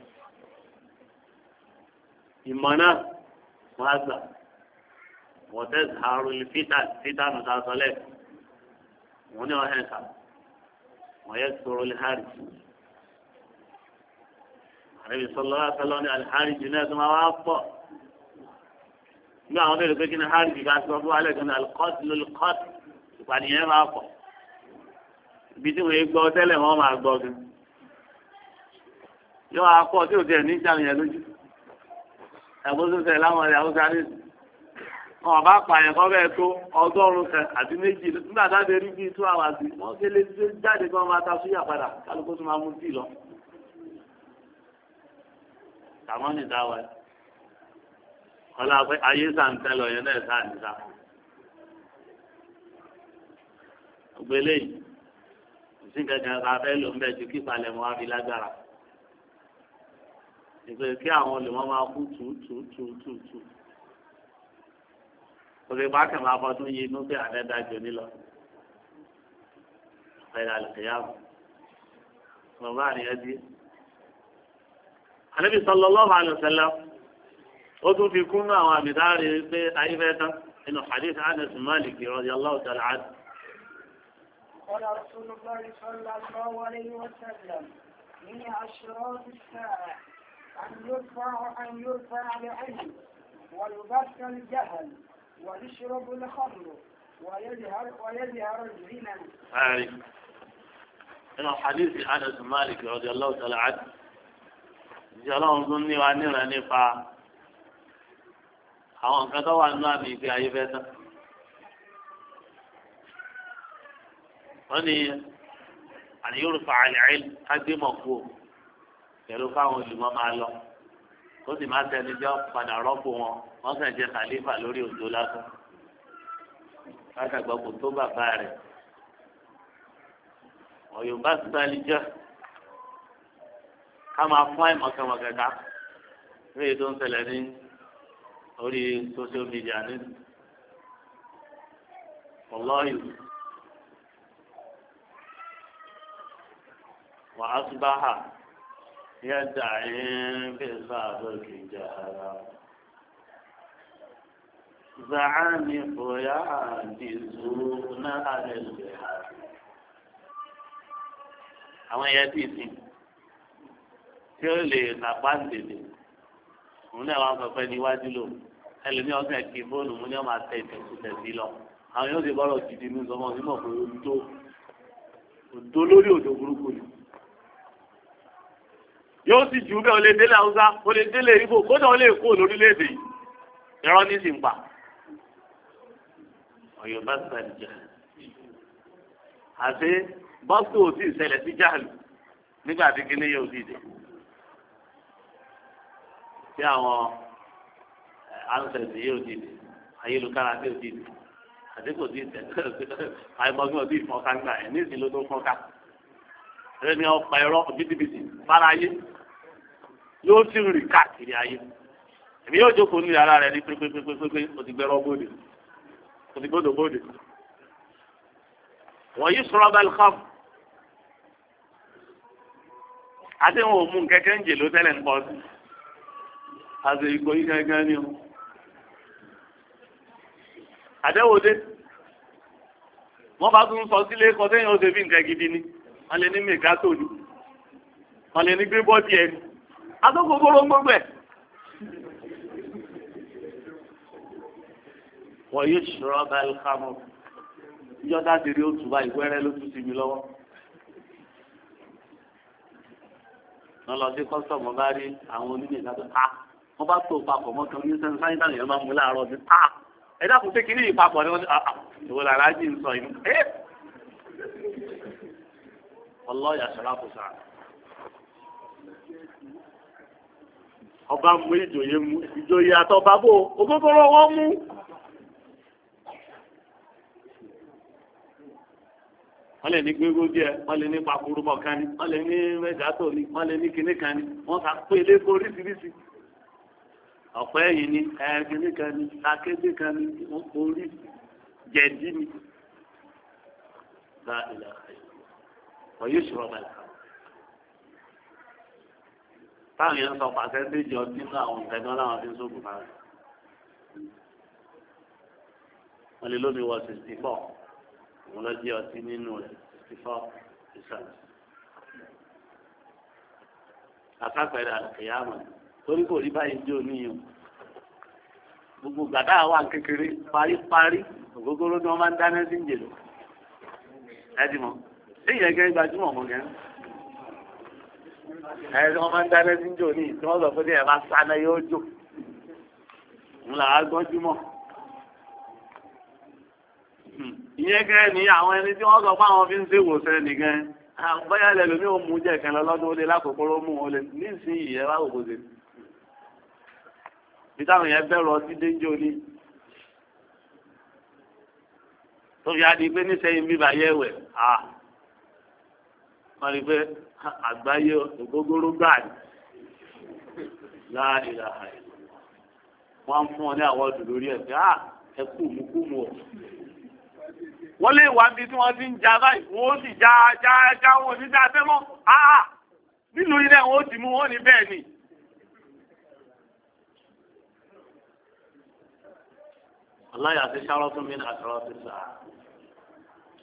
ìmọ̀ náà wọ́n á gbà wọ́n tẹ́ àrùn fítànù tá a sọ wọ́n ní ọ̀hẹ́ǹkà wọ́n yẹ sọ̀rọ̀ lẹ́hàrì fún un àrẹ́bí sọlọ́ àtàlọ́ ní alìhárìjì náà tó máa wá pọ̀ nígbà àwọn bẹ̀rẹ̀ pé kí ni hárìjì ká sọ fún alẹ́ kan alkọ́t lolkọ́t ìpànìyàn máa pọ̀ ibi tí wọ́n gbọ́ tẹ́lẹ̀ wọ́n máa gbọ́ gan yóò wá pọ̀ tí ò tiẹ̀ ní ìjàmìyàn lójú ẹ̀bùsùnsẹ̀ láwọn ọ̀rẹ́ àwùjá ní wọn bá pààyàn kọ́ bẹ́ẹ̀ tó ọgọ́rùn-ún kan àti méjì nígbà tàwọn nìta wẹ ọlá pé ayé sàǹtẹ lọ yẹn náà sáà nìta ògbélé yìí kò sí kankan ká fẹ́ lò ń bẹ ju kí palẹ̀mọ́ wa fi lágbára ìpè kí àwọn olùmọ̀ máa kú tùtùtùtùtù òkè pàtó máa fọdún yìí inú pé àlẹ́ dájọ́ nílọ ọ̀pẹ̀lẹ̀ àlùkìyàwó bàbá àníyàn díẹ̀. ànábì sallallahu alaihi wasallam ó tún fi kún náà àwọn àmìdáre pé ayé fẹ́ tán nínú hadith Anas Malik radiyallahu ta'ala قال رسول الله صلى الله عليه وسلم من أشراط الساعة أن يرفع أن يرفع العلم ويبث الجهل ويشرب الخمر ويظهر ويزهر الزنا. عارف. من عن أنس مالك رضي الله تعالى عنه ìṣọlọ́run tún ní wa níran nípa àwọn nǹkan tó wà nínú àmì ìgbé ayé fẹ́ tán. wọ́n ní àníyóòrò fàáyàáyé ágbémọ̀kú pẹ̀lú káwọn olùmọ̀ máa lọ kó sì máa tẹni jọ́ padà rọ́pò wọn wọ́n kàn jẹ́ kàlífà lórí òjò lásán. káṣàgbọ́ kò tó bàbá rẹ̀ ọ̀yọ́ bá sálí jẹ́. كما فايم او كما كذا في دون سلالين اولي توسو في جانين والله واصبح يدعي بالباب الجهر زعامي خويا تزورنا على البحر اما يا سنين tí ó lè nàpá ǹdèdè òun náà wọn pẹpẹ níwájú lò ẹlòmí ọsẹ kì í fóònù mú ní ọmọ àtẹ ìtẹkù tẹsí lọ àwọn yóò ti bọrọ gidi ní sọmọ onímọ pé odò odò lórí odò burúkú ni yóò sì jù bẹ́ẹ̀ o lè délé haúsá o lè délé ibo kódà o lè kó lórílẹ̀‐èdè yìí irọ́ ní sì ń pa ọ̀yọ́ bá sàlẹ̀ jẹ́ àti bọ́sù ò sì ṣẹlẹ̀ sí jáàlù nígbà tí kíní yóò sì tí àwọn eh, ansẹ̀tì yóò ti di ayélujára tí yóò ti di àdínkù tí tẹ̀ àìmọ̀gbìn ọdún ìfọ̀nká gbà ẹ̀ níìsín ló tó fọ́nká ẹ̀rẹ́ ni ọ̀pá ẹ̀rọ bìtìbìtì bára ayé yóò sì rìn káàkiri ayé èmi yóò jókòó ní ara rẹ ní pépépépépé òtìgbẹ́rọ bóde òtìgbọ́dọ̀ bóde wọ́n yí sọ̀rọ̀ bẹ́ẹ̀ kọ́m àti wọn ò mú kẹ́kẹ́ ń jè ló tẹ́lẹ̀ ń pọ̀ sí i àti ìkò yí gẹ́gẹ́ ní o àdẹ́wòdé wọ́n bá tún sọ sílé ẹkọ tẹ́yìn ọ̀sẹ̀ fi nǹkan gidi ni wọ́n lè ní mẹ́gàtò ni wọ́n lè ní gbé bọ́ọ̀dì ẹni atọ́kọ̀ gbogbo gbogbo ẹ̀ wọ́n yóò ṣòro ọba ẹlẹ́kàmọ́ ìjọba ti rí oṣù báyìí wẹ́rẹ́ ló tún sí mi lọ́wọ́. lọ́lọ́ sí kọ́sọ̀mù bá rí àwọn onílé náà tó ká wọ́n bá tó papọ̀ mọ́ tó ní sẹ́ni sáyẹ́ntà nìyẹn bá mú láàárọ̀ ní ta ah! ẹ dákun pé kí ní ìpapọ̀ ni wọ́n ní ah, ìwọ làrá jì ń sọ yìí ẹ́ ọlọ́ọ̀yà ṣàlàkùsà ọba mú ìjòyè mú ìjòyè àtọba bò ògógóró wọn mú. wọ́n lè ní gbégbó díẹ̀ wọ́n lè ní pakurubọ̀ kan ni wọ́n lè ní mẹ́gàtò ni wọ́n lè ní kinní kan ni wọ́n ká pé ilé kó oríṣiríṣi ọ̀pẹ́ yìí ni ẹ̀ẹ́dínní kan ni akéde kan ni orí jẹ̀dí ni bá ilà ọ̀yẹ́ ìṣòro ọ̀bà ìlà. táwọn yẹn sọ pàṣẹ méjì ọdún nínú àwọn ìtẹ́gbọ́n láwọn fi ń sóògùn náà rẹ̀. wọ́n lè lómi wọ sixty four òun lọ jẹ́ ọtí nínú rẹ̀ sixty four percent. àtàkùn ẹ̀rọ àlùkìyàmù ni torí kò rí báyìí jó níyàn gbogbo gbàdá wà kékeré paríparí ògógóró ni wọ́n máa ń dáná sí ń jèlò ẹ̀dì mọ́ èyí ẹ̀gẹ́ gbajúmọ̀ mọ́ gẹ́ ẹ̀ tí wọ́n máa ń dáná sí ń jò ní tí wọ́n sọ fún ẹ̀ bá sáná yóò jò ń là á gbọ́njú mọ́ ìyẹn gẹ́gẹ́ ni àwọn ẹni tí wọ́n sọ fún àwọn fi ń ṣe ìwòsàn nìkan bóyá lẹ́lòmí ò mú jẹ́ kẹ́lẹ́ lọ́dún ó lé lákòókò ó mú wọn lé nísìnyí ẹ bá òkòtò bí táwọn yẹn bẹ̀rù ọtí déńjọ ni tó fi adi pé nísẹ̀yìn bíbá yẹ wẹ̀ à wọ́n rí pé àgbáyé ògógóró gbà ní láàrínlá wọ́n ń fún ọ ní àwọn ọdún lórí ẹ̀sìn à ẹ kú mú kú mú ọ. wọ́n lè wá bí tí wọ́n ti ń ja báyìí wọ́n sì já já já wọn ò já sẹ́mọ́ nílùú ilé wọn ó dì mú wọn ní bẹ́ẹ̀ ni. ọláyà ti ṣàrọ fún mi náà ṣàrọ ti sà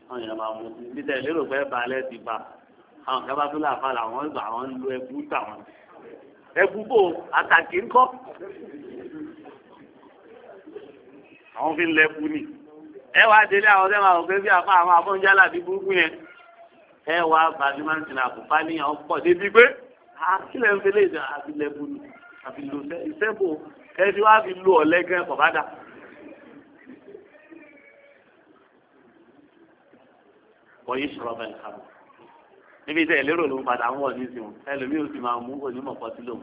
àwọn èèyàn máa mú un bí tẹ̀lé lérò pé balẹ̀ ti bá àwọn kẹfà tó làfà làwọn ìgbà àwọn ń lo ẹbú tàwọn ẹbú bò àtàkì ńkọ́ àwọn fi ń lẹbú ni ẹ wá délé àwọn ọdẹ máa rò pé bí àfa àwọn afọ́njálà bí burúkú yẹn ẹ wá bàdìmáǹtì náà kò bá níyàn pọ̀ débi pé àkílẹ̀ ń fi lè dà àfi lẹbú ni àfi lò iṣẹ́ bò ẹ ti wá fi lo ọ̀lẹ́gẹ́ bọ̀bá dà. wọ́n yìí sọ̀rọ̀ bẹ́ẹ̀ kàmú. níbi tẹ́ ìlérò ló ń padà ń wọ̀ ní ìsìn ẹlòmíì ó sì máa mú onímọ̀ pọ́tí lòun.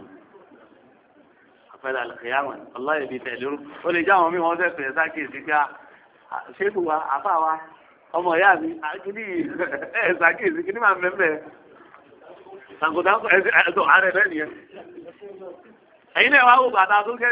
àfẹ́lẹ́ àlùkìyàmọ̀ ọláyè bíi tẹ́ ìlérò ó lè jáwọn mí wọ́n fẹ́ pè é sákèsí pé ṣéèkù wa àfà wa ọmọ ìyá mi àkíní ẹ̀ sákèsí kí ni màá mẹ́mẹ́ tàǹkùtàǹkù ẹ̀ ẹ̀dọ̀ ààrẹ bẹ́ẹ̀ nìyẹn. ẹ̀yin náà wá wò bàtà tó kẹ́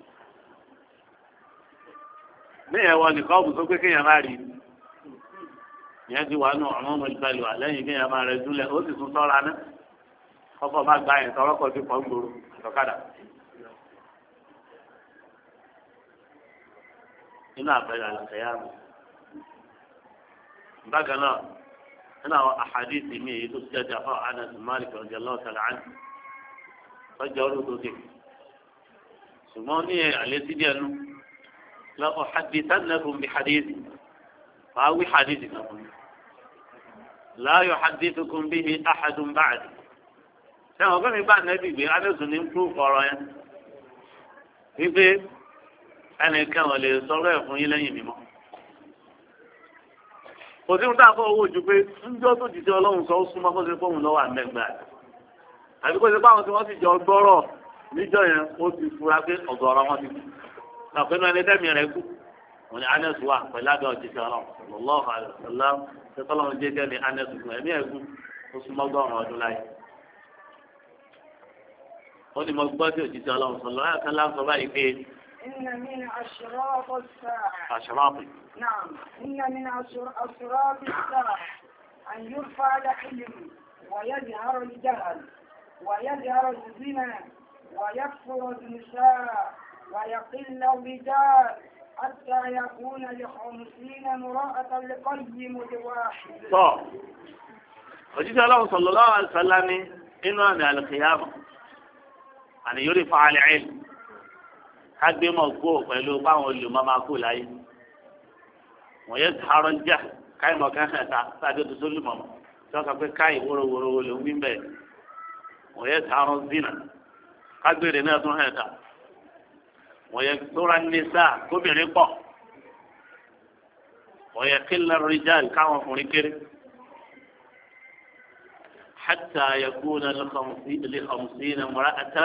bẹ́ẹ̀ wọ n'i ọ̀bùn tó pé kéèyàn má rí ìyẹn ti wà nù ya ọmọ ìgbàlù àlẹ́yìn kéèyàn má rẹ dúlẹ̀ ó sì tún sọ́ra ná ọkọ̀ má gba yẹn tọrọ kọ̀ sí pọ̀ngbòrò àtọ̀kadà. nínú àpẹẹrẹ àlàkẹ́yà mi bákan náà nínú àwọn àhàdìsì mi èyí tó ti àná ṣùgbọ́n ní àlẹ́ sídìí ẹnu. la uhaddithannakum bi hadithi màá wí hadithi kan fún mi la yuhaddithukum bihi ahadun ba'di sẹ́wọ̀n ọgbẹ́ mi bá nẹ́bí gbé adéṣù ní kú ọ̀rọ̀ yẹn wípé ẹnìkan ò lè sọ̀rọ̀ ẹ̀ fún yín lẹ́yìn mímọ́ kò sí níta fún owó ju pé ńjọ́ tó jìjẹ́ ọlọ́run sọ ó súnmọ́ kó ṣe fóun lọ́wọ́ àmẹ́gbà rẹ̀ ṣe báwọn tí wọ́n sì jọ gbọ́rọ̀ níjọ́ yẹn ó ti fura pé ọ̀gọ̀ọ̀rọ̀ wọn ti kú sàpẹ́nu ẹni dẹ́mi rẹ̀ kú wọn ni Anas wa pẹ̀lú abẹ́ ọ̀jẹ̀ sọ̀rọ̀ lọ́wọ́ àlùfẹ́lá sẹ́tọ́lọ́ ń jẹ́jẹ́ ni Anas fún ẹ̀mí ẹ̀kú ó súnmọ́ gbọ́ràn ọdún láyé. ó ní mo gbọ́ sí òjijì ọlọ́run sọ̀rọ̀ láyé kan láǹsọ̀ báyìí pé. àṣọ̀rọ̀pì. Naam, inna min asraati as-sa'a an yurfa al-ilm wa yadhhara al-jahl wa yadhhara ويقل الرجال حتى يكون لخمسين امرأة لقيم لواحد. طب. òjíṣẹ́ ọlọ́run sallallahu alaihi wasallam ní inú àmì àlùkìyàmọ̀ àní yóò rí fa alẹ́ ẹ̀ kágbémọ̀ kó pẹ̀lú báwọn olùmọ̀ máa kó láyé wọ́n yẹ sàárọ̀ jà káìmọ̀ kẹ́hìn ta sáájú tó sólù mọ̀mọ́ tí wọ́n sọ pé káì wórówóró ló ń wí bẹ́ẹ̀ wọ́n yẹ sàárọ̀ zina kágbére náà tún hẹ̀ ta wọ́n yẹ tóra nísà kóbìnrin pọ̀ wọ́n yẹ kílẹ̀ rìjáàlì káwọn ọkùnrin kéré. حتى يكون لخمسين امرأة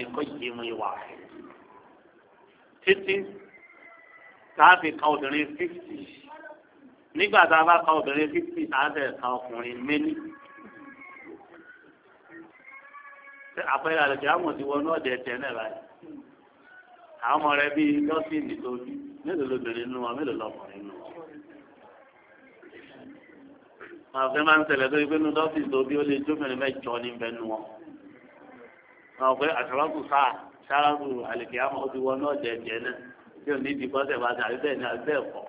القيم الواحد títí káàfi ka obìnrin fifty nígbà tá a bá ka obìnrin fifty àádẹ́ ka ọkùnrin méní. àpẹẹrẹ àlejò àwọn ti wọnú ọ̀dẹ̀ tẹ̀ náà àwọn ọmọ rẹ bíi dọ́sìnì tó bí mélòó lóbìnrin nù wọn mélòó lọkùnrin nù wọn. àwọn ọ̀fẹ́ máa ń tẹ̀lé tó ipé nù dọ́sìnì tó bí ó lè jóbìnrin mẹ́jọ ní bẹ́ nù wọn. àwọn ọ̀fẹ́ àṣàlákù sáà sáàràkù àlèkè àmọ́ ó ti wọ náà jẹjẹ náà tí ò ní di bọ́sẹ̀ bá tàbí bẹ́ẹ̀ ni àbẹ́ ẹ̀kọ́.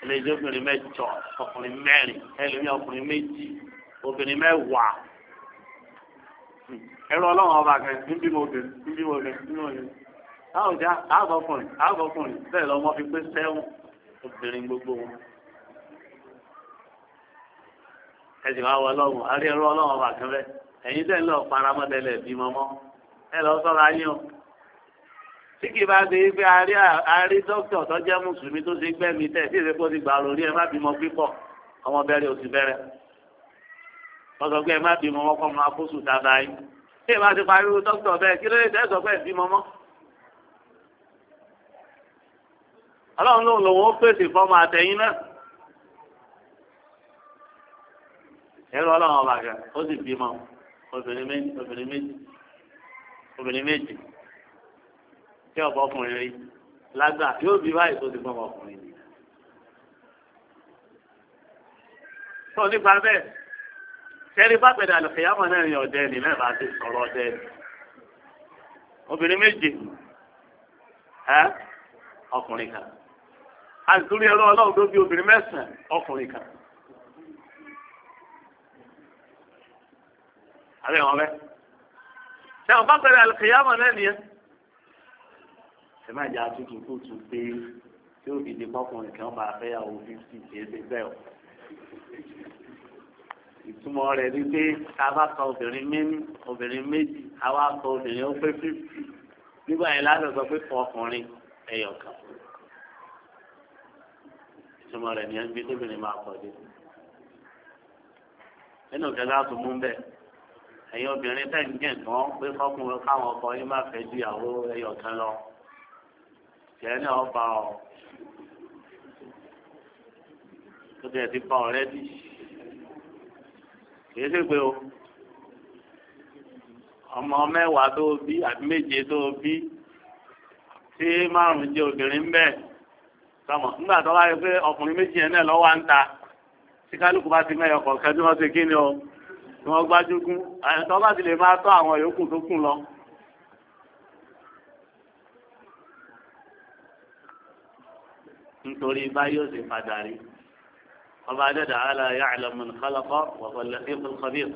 ó lè jóbìnrin mẹ́jọ ọkùnrin mẹ́rin ẹlòmí ọkùnrin méjì obìnrin mẹ́wàá ẹ̀rọ ọlọ́run ọba kan níbí mo dé níbí mo dé níbí mo dé. Táwọn ìjà àgọ́kùnrin àgọ́kùnrin bẹ́ẹ̀ lọ́mọ fi pé sẹ́wọ̀n obìnrin gbogbo wọn. Ẹ sì wá wọ ọlọ́run, a rí ẹ̀rọ ọlọ́run ọba kan bẹ́ẹ̀. Ẹ̀yin tẹ̀ ń lọ paramọ́tẹ́lẹ̀ bímọ mọ́. Ẹ lọ sọ́ra yín o tí kì í bá ṣe pé àárí dókítà tó jẹ́ mùsùlùmí tó ṣe gbẹ́mí tẹ̀ tí èsèpọ̀ ti gbà lórí ẹ má bímọ pípọ̀ ọmọ bẹ̀rẹ̀ bẹ̀rẹ̀ wọ́n sọ pé ẹ má bímọ wọ́n kọ́ ọmọ akóso dáadáa yín ṣé ìbá ti pariwo dókítà bẹ́ẹ̀ kí ló lè tẹ́ sọ pé ẹ̀ bímọ mọ́. ọlọ́run ló ń lò wọ́n pèsè fọ́mọ àtẹ̀yìn náà. ẹ̀rọ ọlọ́run ọba gà ó sì bímọ obìnrin méjì obìnrin méjì obìnrin méjì tí ọ̀pọ̀ ọkùnrin rí lágbà yóò bí báyìí tó ti fọ́mọ ọkùnrin rí. nípa bẹ́ẹ̀ sẹ́rí bá pẹ̀lú àlùfẹ́yàmọ̀ náà ní ọ̀dẹ́ ní mẹ́fà ti sọ̀rọ̀ ọ̀dẹ́ ni. obìnrin méje ẹ ọkùnrin kan àtúrí ẹ̀rọ ọlọ́run tó bí obìnrin mẹ́sàn-án ọkùnrin kan. àbẹ̀ wọn bẹ́ẹ̀ sẹ́wọ̀n bá pẹ̀lú àlùfẹ́yàmọ̀ náà nìyẹn. ẹ má àtúntò kó tún pé tí ó fi pọ́kùnrin kan máa fẹ́yàwó fífi kì í ṣe bẹ́ẹ̀ o ìtumọ̀ rẹ̀ ni pé ká bá sọ obìnrin méní obìnrin méjì ká wá sọ obìnrin ó pé fífi nígbà yẹn láti sọ pé fún ọkùnrin ẹyọ kan ìtumọ̀ rẹ̀ ni ẹ ń gbé tóbìnrin máa pọ̀ dé nínú kẹlẹ́ àtúmú bẹ́ẹ̀ ẹ̀yin obìnrin tẹ̀ ń jẹ̀ tán pé fọkùnrin káwọn ọkọ yín má fẹ́ ju ìyàwó ẹyọ kan lọ tẹ̀ ní ọba ọ̀ tó tẹ̀ ti pa ọ̀rẹ́dì kì í ṣe pé o ọmọ mẹ́wàá tó bí àbí méje tó bí tí márùn jẹ́ obìnrin bẹ́ẹ̀ sọmọ nígbà tó wáyé pé ọkùnrin méjì yẹn náà lọ́wọ́ ń ta tí kálukú bá ti mẹ́yọ kọ̀ọ̀kan tí wọ́n ṣe kí ni o tí wọ́n gbájúgún àyẹ̀tọ́ bá ti lè máa tọ́ àwọn yòókù tó kù lọ. nítorí báyọ̀ ṣe padà rí ọba adẹ́dà ala ya'lamu man khalaqa wa huwa al-latiful khabir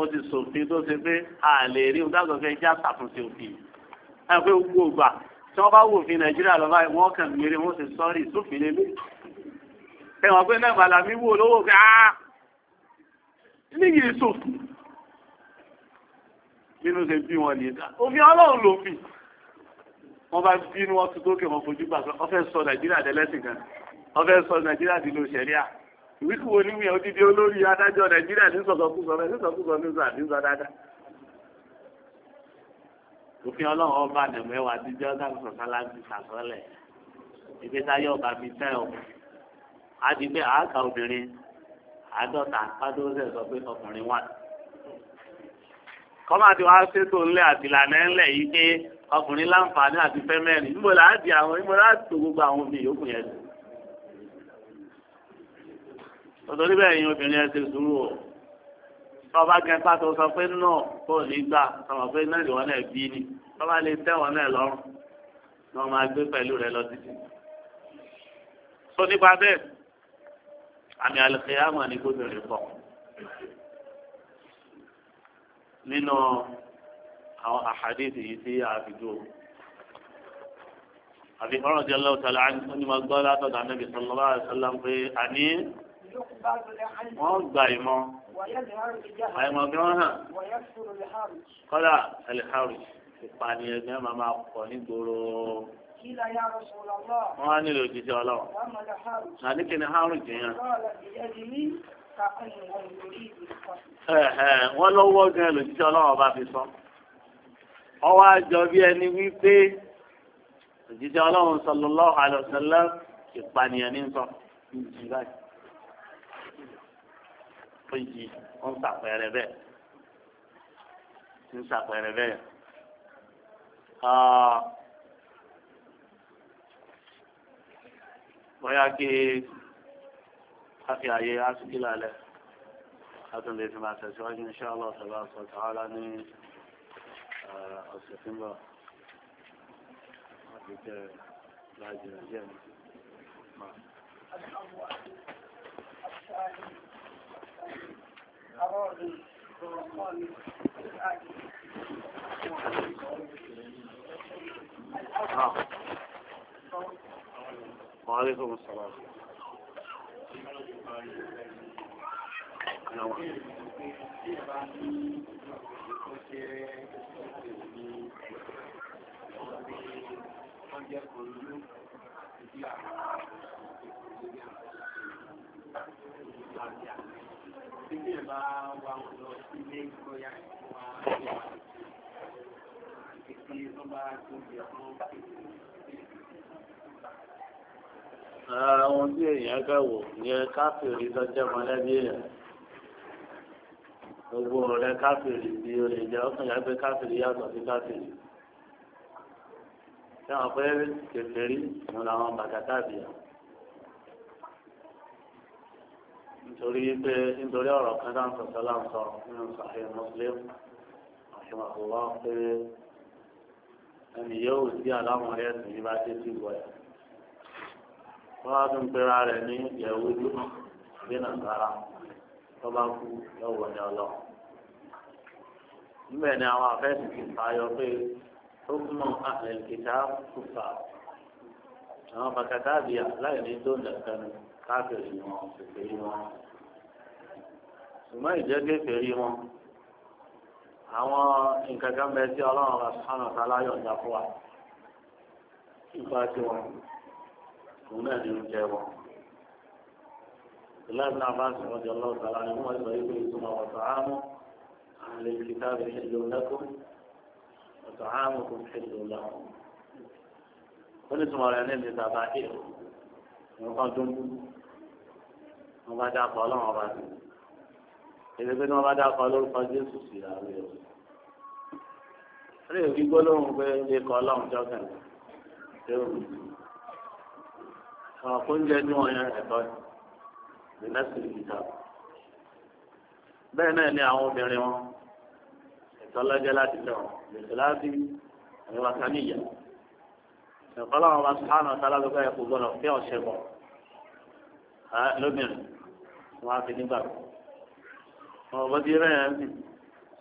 ó ti sòfin tó ṣe pé a lè rí ohun dáàbò fẹ́ já sàtúnṣe òfin ẹ pé gbogbo ògbà tí wọ́n bá wò fi nàìjíríà lọ́ba wọn kàn méré wọn sì sọ́ọ̀rì sófin lélẹ̀ ẹ̀wọ̀n pé náà bàlá mi wò lówó pé áá níyì sòfin nínú ṣe bí wọn nìyẹn òfin ọlọ́run lòfin wọ́n bá bínú ọtún tó kẹ́ wọn fojú gbà sọ ọ fẹ́ sọ nàìjíríà dẹ́lẹ́sìn kan ọ fẹ́ sọ nàìjíríà dìlò ṣẹ̀ríà ìwíkú ní wíyàn odidi olórí adájọ́ nàìjíríà ní sọ̀kọ̀kúsọ ní sọ̀kúsọ ní sọ dáadáa. òfin ọlọ́run ọba nàìmẹ́wàá dídí ọ̀gá sọ̀sálà ti sàsọ́lẹ̀ ìgbésayé ọba mi tẹ́ ọ. adigbẹ́ àáka obìnrin àádọ́ta pádọ́sẹ̀ sọ pé ọkùnrin wà. kọ́má ti wá ṣètò ńlẹ̀ àtìlànà ńlẹ̀ yìí pé ọkùnrin láǹfààní àti fẹ́mẹ́rin níbo láti àwọn níbo láti gbogbo àwọn obìnrin yòókù yẹn tòtòrí bẹ́ẹ̀ yín obìnrin ẹ ti sùúrù o tọ́ba kẹta tó sọ pé náà kò ní gbà sọ̀rọ̀ pé náà ìwọ náà bí ni tọ́ba lè tẹ̀wọ̀n náà lọ́rùn náà máa gbé pẹ̀lú rẹ lọ títí. tó nípa bẹ́ẹ̀ àmì àlùkìyàmọ̀ ni gómìnà pọ̀ nínú àwọn àhàdìsì yìí tí a fi ọ̀rọ̀ jẹ́ lọ́wọ́ tọ́lá ní mo gbọ́ látọ̀dọ̀ ànábì sallallahu alaihi wasallam pé àní wọ́n gba ìmọ̀ àìmọ̀ bí wọ́n hàn kọ́lá alihari ìpànìyàn ni wọ́n máa pọ̀ nígboro wọ́n á nílò òjijì ọlọ́wọ́ àní kí ni harun jìyàn. wọ́n lọ́wọ́ gan lòjijì ọlọ́wọ́ bá fi sọ ọwọ́ àjọ bí ẹni wípé òjijì ọlọ́wọ́ sallallahu alaihi ìpànìyàn ní sọ tó yí ó ń sàpẹrẹ bẹ́ẹ̀ ń sàpẹrẹ bẹ́ẹ̀ ah, bóyá kí a fi àyè asìkí lálẹ́ a tún lè fi máa tẹ̀síwájú insha Allah tabaraka wa ta'ala ní eh, ọ̀sẹ̀ tí ń bọ̀ láti Thank you. وعليكم السلام Thank you ìdílé bá wà wọn lọ sí ilé ìgbóyà wà wà ìpín tó bá tóbi ọmọ ara ohun tí èèyàn gbẹ̀wò yẹn káfíìrì lọ́jọ́ mọ́lẹ́bí èèyàn gbogbo ọ̀rẹ́ káfíìrì bí o lè jẹ́ ọkàn yà gbé káfíìrì yàtọ̀ sí káfíìrì ṣé wọn pé kèfèrí ìmúlò àwọn bàtà nítorí pé nítorí ọ̀rọ̀ kan dáhùn sọ̀tọ́ láǹsọ̀ nínú sàhìn Muslim àṣemàkùnwá pé ẹnì yóò sí àláwọn ẹ̀sìn yìí bá dé sí ìwọ ẹ̀. wọ́n á tún pera rẹ̀ ní ìyẹ̀wò ojú bí nàìjíríà tó bá kú lọ́wọ́ ní ọlọ́run. níbẹ̀ ni àwọn afẹ́sì ti fààyọ pé tó kún mọ́ àlẹ́ kìtà kùfà àwọn bàkàtà bíyà láì ní tó nàìjíríà káfíìrì wọn kẹfẹ́ wọn. ṣùgbọ́n ìjẹ́ kẹfẹ́ wọn àwọn nǹkan kan bẹ tí ọlọ́run ọ̀rọ̀ sánà sáláyọ̀ ń dàpọ̀ wa ipa tí wọn òun náà ní oúnjẹ wọn. ìlànà náà bá sọ̀rọ̀ jọ lọ́wọ́ ni wọ́n sọ wípé ìtumọ̀ ọ̀tọ̀ àmú àlè kìtàbí ìlú lẹ́kọ̀ọ́ ọ̀tọ̀ àmú kò fi ìlú lọ́wọ́. ó ní ìtumọ̀ rẹ̀ ní ìlú tàbá ìlú nǹkan tó ń dúró wọ́n bá dákọ̀ ọlọ́run ọba sí i èdè pé ní wọ́n bá dákọ̀ lórúkọ jésù sí àwọn èrò rí òbí gbólóhùn pé ilé kọ ọlọ́run jọ́kàn lérò mi àwọn oúnjẹ ní wọn yẹn ẹ̀tọ́ ìrìnàṣìlì ìjà bẹ́ẹ̀ náà ni àwọn obìnrin wọn ẹ̀tọ́ lọ́jọ́ láti lọ lèṣẹ̀ láti ẹ̀wà kaníyà ẹ̀kọ́ láwọn bá sùn àwọn ọ̀tá lábẹ́kọ̀ ẹ̀kọ́ gbọ́dọ̀ fẹ́ ọ̀ṣẹ́ bọ̀ lóbìnrin wọn á fi nígbà tó ọmọ bọ́dí rẹ̀ ẹ̀ ń bì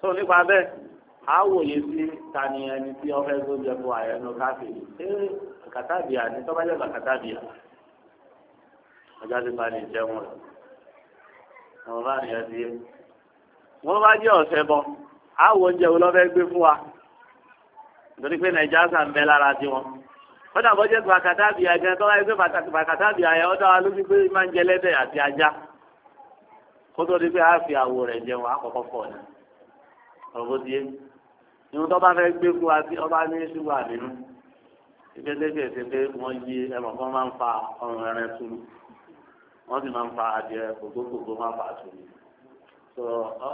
tó nípa bẹ́ẹ̀ á wòye sí ta ni ẹni tí ọfẹ́ tó jẹ fún àyẹnu káfíìnì ṣé kàtàbíà ni tọ́ba jẹ́ kàtàbíà ọjọ́ ti bá lè jẹun rẹ̀ ọmọ bá nìyẹn ti yé wọ́n bá jẹ́ ọ̀sẹ̀ bọ́ á wo oúnjẹ wo lọ́fẹ́ gbé fún wa nítorí pé nàìjíríà sàn bẹ́ lára tiwọn kódà bọ́jẹ́ bàkàtà bíi àjẹ tó wáyé àyẹ̀ ọ́ dáwà pé máa ń jẹ lẹ́dẹ̀ àti ajá kótó di pé a fi àwò rẹ̀ jẹun àkọ́kọ́ fọ̀ ni ọ̀rọ̀ di yé ìhun tó bá fẹ́ gbé kú àti ọba ní ṣúgbà nínú ìgbésẹ̀gbẹ̀ ṣe pé wọ́n yí ẹ̀mọ̀ kan máa ń fa ọrùn ẹran túlù wọ́n sì máa ń fa adìẹ gbogbogbò máa fa túlù tó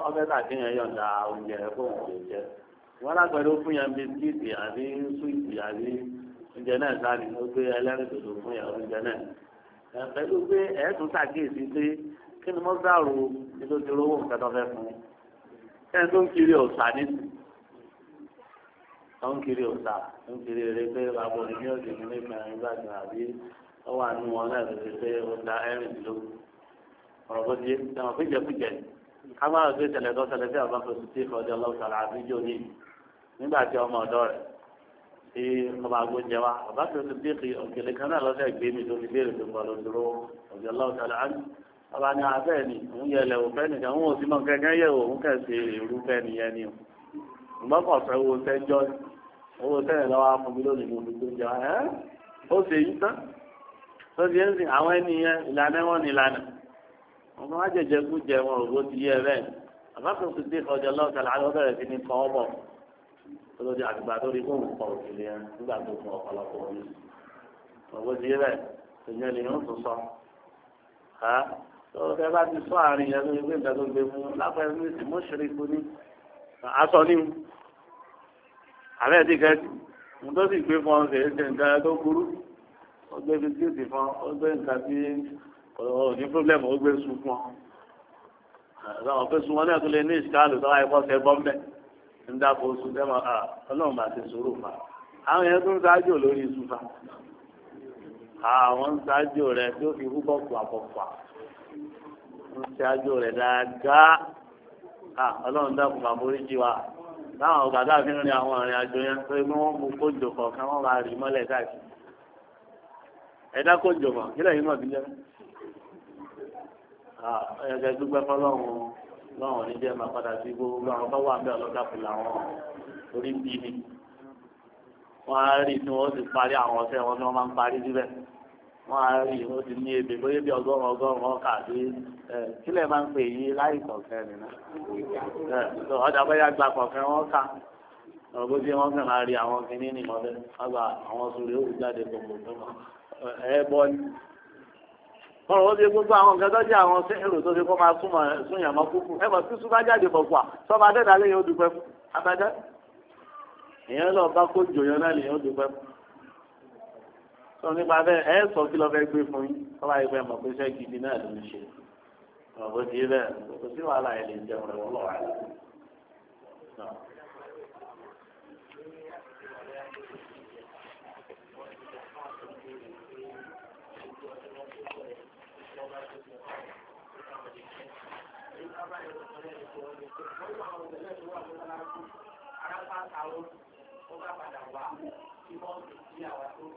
ọbẹ̀ tàkìyàn yọ̀ǹda oúnjẹ kó lè jẹ wọ́n lágbẹ̀rẹ̀ fún yẹn bisikíìtì àbí súwìtì àbí oúnjẹ náà sáré ó gbé ẹlẹ́rìndòdò fún yẹn oúnjẹ náà pẹ̀lú pé ẹ̀ẹ́dùn ṣàkíyèsí pé kí ni mọ́sálù nítorí ti rówó nǹkan tó fẹ́ fún mi kẹ́ni tó ń kiri ọ̀sà nínú tó ń kiri ọ̀sà tó ń kiri eré pé àbọ̀ ní ọ̀sẹ̀ ní ilé ìgbà nígbà tó àbí ó wà nínú wọn náà lè pé ó da ẹ̀rìndínlógún ọ̀rọ̀ bó ti ẹ̀wọ̀n péjẹkújẹ ká má lọ sí ìṣẹ̀lẹ̀ tó ṣẹlẹ̀ sí àbá fòsù tí ìfọ̀dé ọlọ́sàlà àbíjọ́ ní nígbà tí ọmọ ọ̀dọ́ rẹ̀ tí ọba agbóúnjẹ wa ọba fòsù tí òkèlè kan náà lọ́sẹ̀ gbé mi tó fi léèrè tó gbọ́ lọ́dúró ọ̀jọ̀ ọlọ́sàlà ọba ní abẹ́ ni òun òfẹ́ nìkan òun sí mọ kẹ́kẹ́ yẹ òun kẹ̀sì ìrúfẹ́ ni o ṣùgbọ́n kàn owó sẹ́jọ́ owó sẹ́yìn lọ́wọ́ afúnmi lónìí mo fi tó ẹ́ ó ṣe yí tán tó ti ń sìn àwọn ènìyàn ìlànà wọn ni ìlànà wọn máa jẹjẹ kú jẹ wọn ògbó ti yẹ bẹ́ẹ̀ àbáfẹ́ kò dé ọjà lọ́ọ̀tà láàrín ọbẹ̀rẹ̀ sí ní kọ́ bọ̀ tó àgbà tó rí fóun kọ òkèlè yẹn nígbà tó fún ọ̀pọ̀lọpọ̀ òní ògbó ti yẹ bẹ́ẹ̀ èèyàn lè ń sọ sọ tọ́lọ́ tẹ bá ti sọ àárín yẹn lórí pé nǹkan tó gbé mu lápẹ̀rẹ̀ ní ìsìn mọ́ṣẹ́rẹ́kù ní aṣọ ní mu àbẹ́ ti kẹ́sì mo tó sì gbé fún ọ ṣe é ṣe nǹkan tó burú ó gbé bisikíìtì fún ọ ó gbé nǹkan tí ò ní pírọ́blẹ̀mù ó gbé sun fún ọ àwọn pé sun wọn náà tó lè ní ìṣkáàlù tó wáyé kọ́ fẹ́ bọ́m̀bẹ́ ń ṣe àjò rẹ̀ dáadáa ọlọ́run dákun bàbá oríjì wa láwọn ọ̀gá fi ń rin àwọn ìrìn àjò yẹn pé bí wọ́n mú kójò kọ̀ọ̀kan wọ́n máa rì mọ́lẹ̀ káàkiri ẹ̀dá kójò mọ̀ kílẹ̀ yìí mọ̀ bí jẹ́ ẹ̀ẹ́dẹ́ dúpẹ́ fọlọ́run lọ́wọ́n oníjẹ́ máa padà sí gbogbo àwọn bá wà ń bẹ̀ ọlọ́dà fún làwọn orí bí ni wọ́n á rí tí wọ́n sì parí àwọn ọ̀sẹ̀ wọn ni wọ́n máa ń parí síbẹ̀ wọ́n á rí wọ́n ti ní ebè bóyá bí ọgọ́rùn ọgọ́rùn ọkà àti kílẹ̀ máa ń pè yí láì kọ̀ọ̀kan nìyẹn ọ̀dà bóyá gba kọ̀ọ̀kan wọn kà ọ̀gbọ́n tí wọ́n kàn máa rí àwọn kìíní ní ìmọ̀lẹ́ àgbà àwọn sùúrù yóò jáde gbogbo ẹ bọ́ ni. wọ́n rọ́ sí gbogbo àwọn nǹkan tó jẹ́ àwọn sẹ́ẹ̀rù tó ti kọ́ máa súnmọ̀ súnyàn mọ́ kúkú ẹ mọ̀ sísú bá jáde bọ̀ pà sọ́ba adẹ́dàá lẹ́yìn ó dúpẹ́ fún abẹ́dẹ́ sọ nípa bẹ́ẹ̀ ẹ sọ kí lọ́ọ́ fẹ́ gbé fún yín wọ́n bá yẹ pé mọ̀ pé iṣẹ́ gidi náà ló ń ṣe mọ̀ bó ti kò sí wàhálà ẹ̀ lè jẹun rẹ̀ wọ́n lọ́wọ́ àlẹ́. Thank you.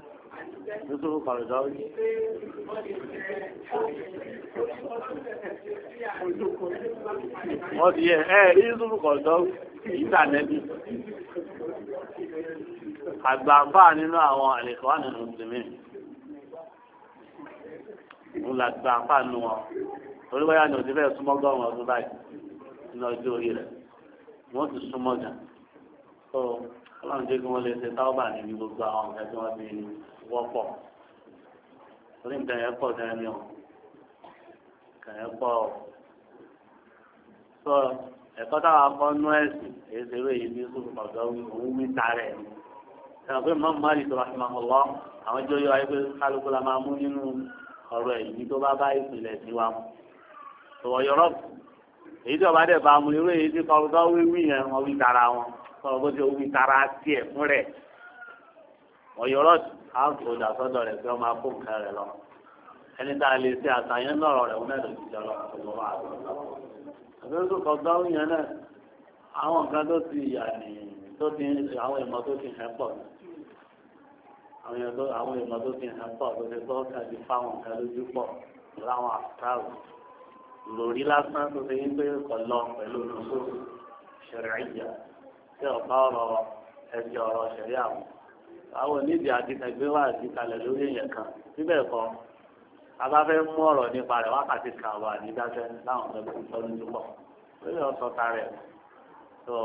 Nítorí kọ̀rọ̀dọ́ rí. Wọ́n ti yẹ ẹ rí nítorí kọ̀rọ̀dọ́ ìtànẹ́bí. Àgbàǹbà nínú àwọn àlèkọ́ nínú ìdìmí. Mo là nínú wọn. Torí báyà ni òdìbẹ́ súnmọ́gọ́rùn-ún ọdún báyìí ní ọjọ́ orí rẹ̀. Wọ́n ti súnmọ́ jà. Ọlọ́run jẹ́ kí wọ́n lè ṣe táwọn níbi gbogbo àwọn ọ̀gá tí wọ́n ti wọ́pọ̀ torí nǹkan yẹn pọ̀ gan ni o nǹkan yẹn pọ̀ o sọ ẹ̀kọ́ táwa kọ́ nú ẹ̀sìn èyí ṣe eré ní sùn ọ̀dọ́ òun wí tarẹ̀ ẹ̀rọ pé mọ́mú máa lè tọ́ àti máa lọ àwọn jọ yọ ayé pé kálukú la máa mú nínú ọ̀rọ̀ ẹ̀yìn tó bá bá ìpìlẹ̀ sí wa tọ̀wọ̀ yọ̀rọ̀ èyí tí ọba dẹ̀ bá mu eré yìí ti kọ́rọ́ tó wí wí yẹn wọ́n wí tara wọn kọ́rọ́ bó ti wí tara tiẹ̀ fún rẹ̀ ọ̀yọ̀rọ̀ tì á kó dàsọ́dọ̀ rẹ̀ pé ọmọ akó nǹkan rẹ̀ lọ ẹni tá a lè ṣe àtàyẹn lọ́rọ̀ rẹ̀ wọ́n ẹ̀dùn ìjọ lọ ọ̀gbọ̀n àgbọ̀n àgbẹ̀rún kan gbáwó yẹn náà àwọn nǹkan tó ti yà ní tó ti àwọn ìmọ̀ tó ti hẹ́ pọ̀ àwọn ìmọ̀ tó ti hẹ́ pọ̀ tó ti gbọ́ kàdí fáwọn nǹkan lójú pọ̀ láwọn àfikáàrù lórí lásán tó ti ń pé kọ̀ lọ pẹ̀lú olùkó ṣẹ̀rẹ̀ ìjà tí ọ̀pá àwọn onídìí àdìsẹ̀gbé wà àdìkalẹ̀ lórí èèyàn kan síbẹ̀ kọ́ abáfẹ́ mú ọ̀rọ̀ nípa rẹ̀ wákàtí kan àwọn láwọn ọ̀gbẹ́ tó tọ́jú tó lórí ọ̀sọ̀ ta rẹ̀ tó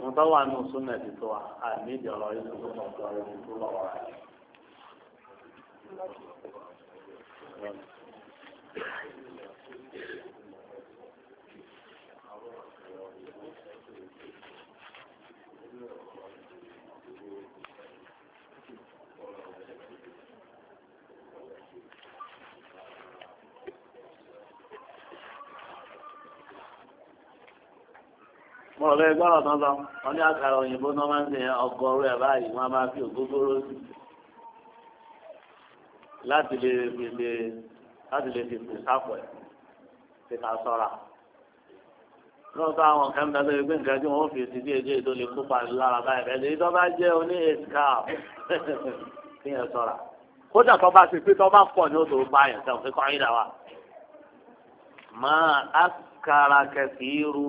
wọn bá wà nù súnmẹ̀ ti tó wa àdìdì ọ̀rọ̀ yìí tó pọ̀ tó ọ̀rọ̀ yìí tó lọ́wọ́ Thank you. mo rọ̀ bẹ́ẹ̀ gbọ́rọ̀ tán lọ wọn ní àkàrà òyìnbó náà máa ń ṣe ọgọ́rùn ẹ̀ báyìí wọn máa fi ògógóró sí láti lè fi lè láti lè fi fi sápò ẹ̀ fi ká sọ́ra lọ́sọ̀ àwọn kan bẹ lórí pé nǹkan tí wọ́n fi ti díẹ̀ díẹ̀ tó lè kópa lára báyìí bẹ́ẹ̀ lèyí tó bá jẹ́ oní èsìká fihàn sọ̀ra kódà tó bá ti pé tó bá pọ̀ ní o tó bá yẹn sẹ́wọ̀n fi kọ́ ayé dà wa. máa àkàrà kẹsì irú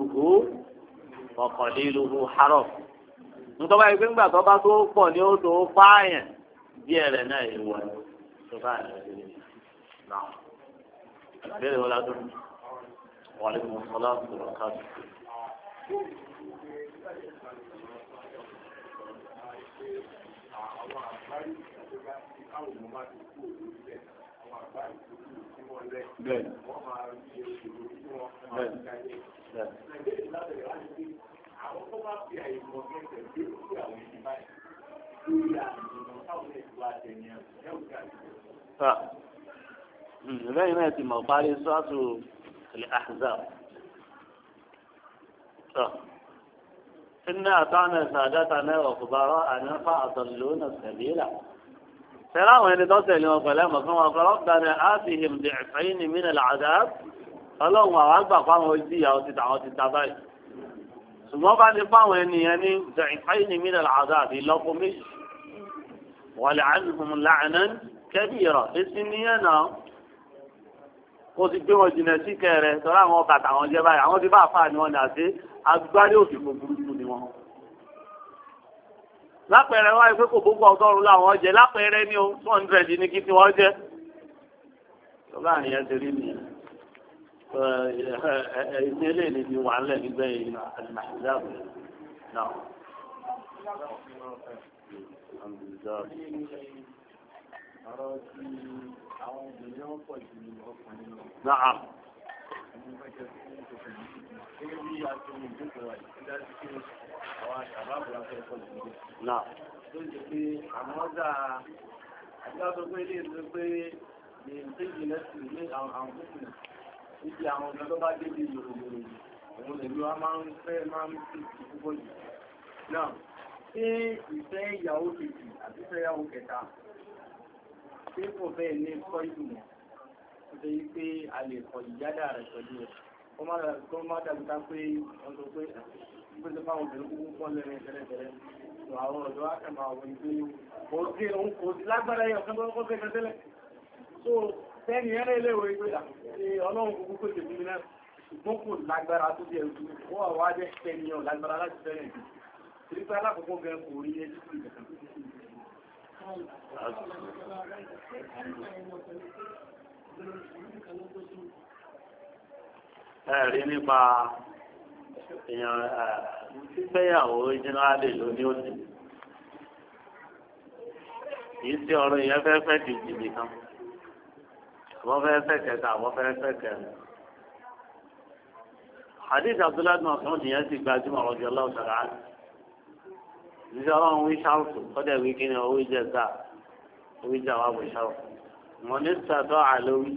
ọ̀kọ̀lẹ́ ìlú harọ̀ ntọ́ba yìí pé tó bá tó pọ̀ ní ó tó pààyàn bí ẹ̀rẹ̀ náà yìí wọ̀ tó bá yẹn lè náà ìbéèrè wọn ládùn wàlẹ́ mọ́sálá tó lọ káàdì. Bẹ́ẹ̀ni. Bẹ́ẹ̀ni lẹ́yìn náà ti mọ̀ parí sọ́ọ̀tù al-ahzab. إنا أطعنا سادتنا وكبراءنا فأضلونا السبيل سلام هنا دوسة اليوم قلامة كما ربنا آتهم ضعفين من العذاب اللهم أعبا قام وجدي أو تتعوى تتعوى ṣùgbọ́n bá ti fáwọn ènìyàn ní dàìfáì ní mílẹ̀ àdá àbí lọ́kùn méjì wọ́n lè àdùnkùn láàánú kẹ́bí rọ̀ etí níyẹn náà kó ti gbé wọn jìnnà sí kẹrẹ tọ́lá àwọn ọkà táwọn jẹ báyìí àwọn ti bá àfáà ni wọn ní àti agbárí òsì kò burúkú ni wọn. lápẹẹrẹ wá ìpé kò gbogbo ọgọ́rùn-ún jẹ lápẹẹrẹ ní o two hundred ní kí tí wọ́n jẹ. tọ́lá àníyàn nìyẹn ẹ̀yìn eléyìí ni wà ń lẹ̀ nígbẹ́ yìí alimahidab náà. Naam. Naam. Àjọ́ sọ pé ilé ìlú pé ní ìpínlẹ̀ sí ilé àwọn àwọn fúnfún níbi àwọn ọ̀gá tó bá dé bí yòrògbòrò òun lèmi wa máa ń fẹ́ máa ń fi ti púpọ̀ jù náà ṣé ìfẹ́ ìyàwó kejì àti ìfẹ́ ìyàwó kẹta ṣé kò bẹ́ẹ̀ ní kọ́ ìdùnnà tó ṣe yí pé a lè kọ ìyádà rẹ̀ pẹ̀lú rẹ̀ kó má dàbí ká pé wọ́n sọ pé ìgbésí fáwọn obìnrin kúkú pọ́ lẹ́rìn tẹ́lẹ̀tẹ́lẹ̀ tó àwọn ọ̀dọ́ àtẹ̀mọ̀ àwọn ìgbé Tẹ́ni ẹ̀rẹ́ ilé ìwé ìgbéyà, ọlọ́run kúkú kò tèmi náà, ṣùgbọ́n kò lágbára tó bí ẹ̀rù, wọ́n wá jẹ́ tẹ́ni ọ̀ lágbára láti fẹ́rẹ̀ jù. Tìrípẹ́ alákòókò gan kò rí ẹjú sí ìgbẹ̀kan. Ẹ̀rí nípa èèyàn fífẹ́yàwó jẹ́nàálè ló ní òsì. Kìí sí ọ̀rọ̀ ìyẹn fẹ́fẹ́ dìjì nìkan àwọn fẹ́ fẹ́ kẹta àwọn fẹ́ fẹ́ kẹrin. hadith abdullahi bin ọ̀sán nìyẹn ti gbajúmọ̀ ọ̀dí ọlọ́run sọ̀rọ̀ á. ìṣẹ́ ọlọ́run wí ṣáàfù kọ́dẹ̀ wí kí ni owó jẹ gbà owó jẹ àwọn àbò ṣáàfù. mọ̀nísà tó àlówí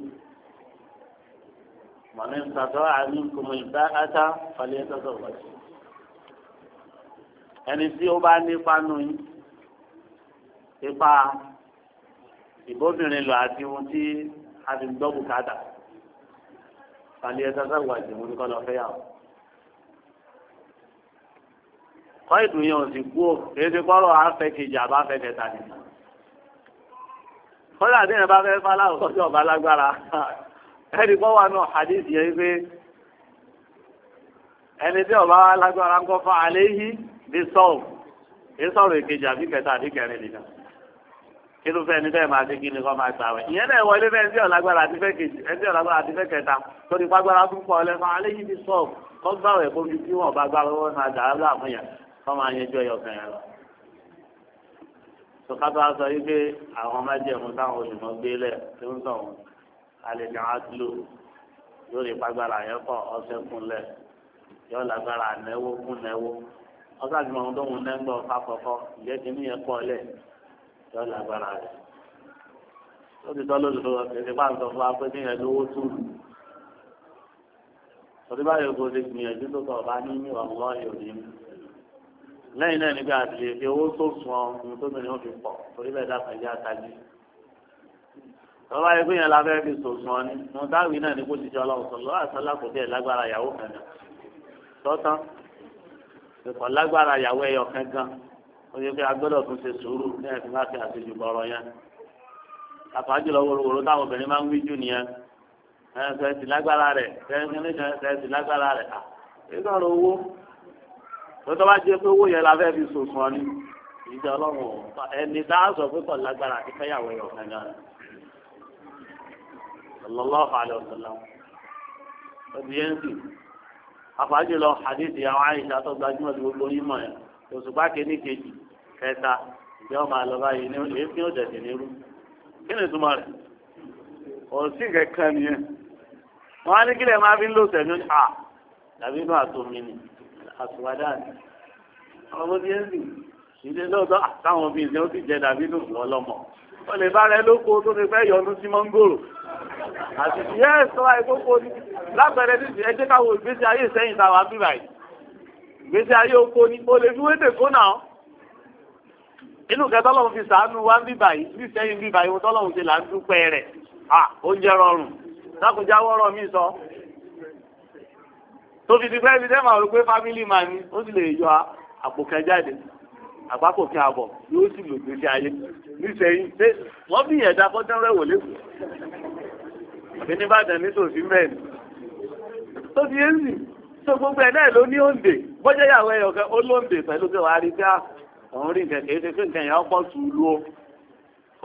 mọ̀nísà tó àní kùmùlbá átá falẹ̀ tọ́tọ̀ wọ̀ṣẹ̀. ẹni tí ó bá nípa nù yín ipa ìbóbìnrin lọ àti ohun tí àti gbọ́ bùkátà pàlí ẹ sáfẹ́ wà jù mú kọ́ lọ fẹ́ yà ó. kọ́ ìdùn yẹn ò sì kú ò kìí ṣe kọ́rọ̀ afẹ́ kejì àbá fẹ́ kẹta ni. kọ́lá àti ìyẹn bá fẹ́ fáláwọ̀ kọ́jú ọ̀bá lágbára ẹni kọ́ wà náà hadith yẹn pé ẹni tí ọ̀bá lágbára ń kọ́ fún alẹ́ yìí bí sọ́ọ̀ bí sọ́ọ̀ èkejì àbí kẹta àbí kẹrin nìkan irúfẹ́ ẹni bẹ́ẹ̀ máa ṣe kí ni kọ́ máa gbà wẹ̀. ìyẹn náà wọlé bẹ́ẹ̀ ẹni ọ̀lágbára àti fẹ́ kejì ẹni ọ̀lágbára àti fẹ́ kẹta tó pàgbára fún pọ̀ lẹ́fọn alẹ́ yìí ti sọ̀ọ̀ kọ́ gbà wẹ̀ kó fi wọ́n bá gbà wọ́n máa dà á láàmú yẹn kọ́ máa yẹjọ́ ẹyọkàn yẹn lọ. sọ̀kátà sọ yí pé àwọn májẹ̀mú táwọn olùmọ̀ gbé lẹ̀ tó ń sọ̀rọ̀ alẹ́ ní àdúlò yóò rí pàgbára yẹn kọ́ ọ̀sẹ̀ kúnlẹ̀ yóò yọ lágbára rẹ̀ ó ti tọ́ lóṣù lọ́wọ́ tẹ̀lé bá ń sọ fún wa pé ní ẹni owó tù lù torí báyìí kò lè gbìyànjú tó tọ̀ bá ní ní ọ̀lọ́ ìròyìn mi lẹ́yìn náà nígbà tí lè fi owó tó sùn ọ̀hún tó bẹ̀rẹ̀ ó fi pọ̀ torí bẹ́ẹ̀ dá pẹ̀lú àtàjì tọ́lá yẹ fún yẹn la fẹ́ẹ́ fi sòsùn ọ ni mo dáwìí náà ní kó ti jọ ọlọ́run sọ ó yẹ kí agbọ́dọ̀ tún ṣe sùúrù ní ẹ̀sìn má fi àṣejù bọ̀rọ̀ yẹn àpájù lọ wòrowòro táwọn obìnrin máa ń wí jù nìyẹn ẹ̀sìn lágbára rẹ̀ ẹ̀sìn lágbára rẹ̀ ẹ̀sìn ọ̀rọ̀ owó tọ́tọ́ bá jẹ́ pé owó yẹn la fẹ́ fi sòsùn ọ ni ìjọ ọlọ́run ẹni tá a sọ pé kọ̀ lágbára àti fẹ́yàwó ẹ̀yọ̀ kan náà sallallahu alayhi wa sallam ọdíyẹnsì àfàájì lọ hadith yà wáyé ìṣàtọ̀ gbajúmọ̀ tí gbogbo yín mọ̀ ẹ̀ òṣùpá kìíní kẹta ìjọ máa lọ báyìí ní èéfín òjẹ̀dì nírú kí ni ìtumọ̀ rẹ̀ òsì kẹkẹ nìyẹn wọn á ní kílẹ̀ máa fi ń lò sẹ́mi ó ní à dàbí inú àtòmí ni àtùwádà ni ọmọ bíi ẹ̀sìn ìdè lọ́dọ̀ àtàwọn bíi ìṣẹ́ ó sì jẹ dàbí inú ìwọ lọ́mọ ó lè bá rẹ lóko tó ti fẹ́ yọnu sí mọ́ngòrò àti ìyá ẹ̀sọ́ àìkókò ni lápẹẹrẹ ní ẹ káwọn ìgbésí ayé ìsẹ́yìn táwa bíbáyìí ìgbésí ayé oko ni o lè fi wéde kó náà inú kẹtọ́ lọ́hùn fi sàánú wá ń bí báyìí bí sẹ́yìn bí báyìí tọ́ lọ́hùn ti là ń dúpẹ́ rẹ̀ à oúnjẹ rọrùn lákòjá wọ́rọ̀ mi sọ. tó fi ti fẹ́ fi dẹ́mà rò pé fámílì máa ní ó sì lè yọ àpò kan jáde àpapọ̀ kí a bọ̀ yóò sì lò gbèsè ayé nísẹ̀yìn pé wọ́n bí ẹ̀dá fọ́tẹ́rẹ́ wò lẹ́kọ̀ọ́ àbí nìbàdàn nítòsí mẹ́rin tó ti yé sí tó gbogbo ẹ̀ náà ló ní òǹdè bọ́jẹ́ ìyàwó ẹ̀yọ̀kẹ́ ó lóǹdè pẹ̀lú pé wàá rí pé ah, òun rí nǹkan kìí ṣe pé nǹkan yẹn ọ̀pọ̀ sùúrù o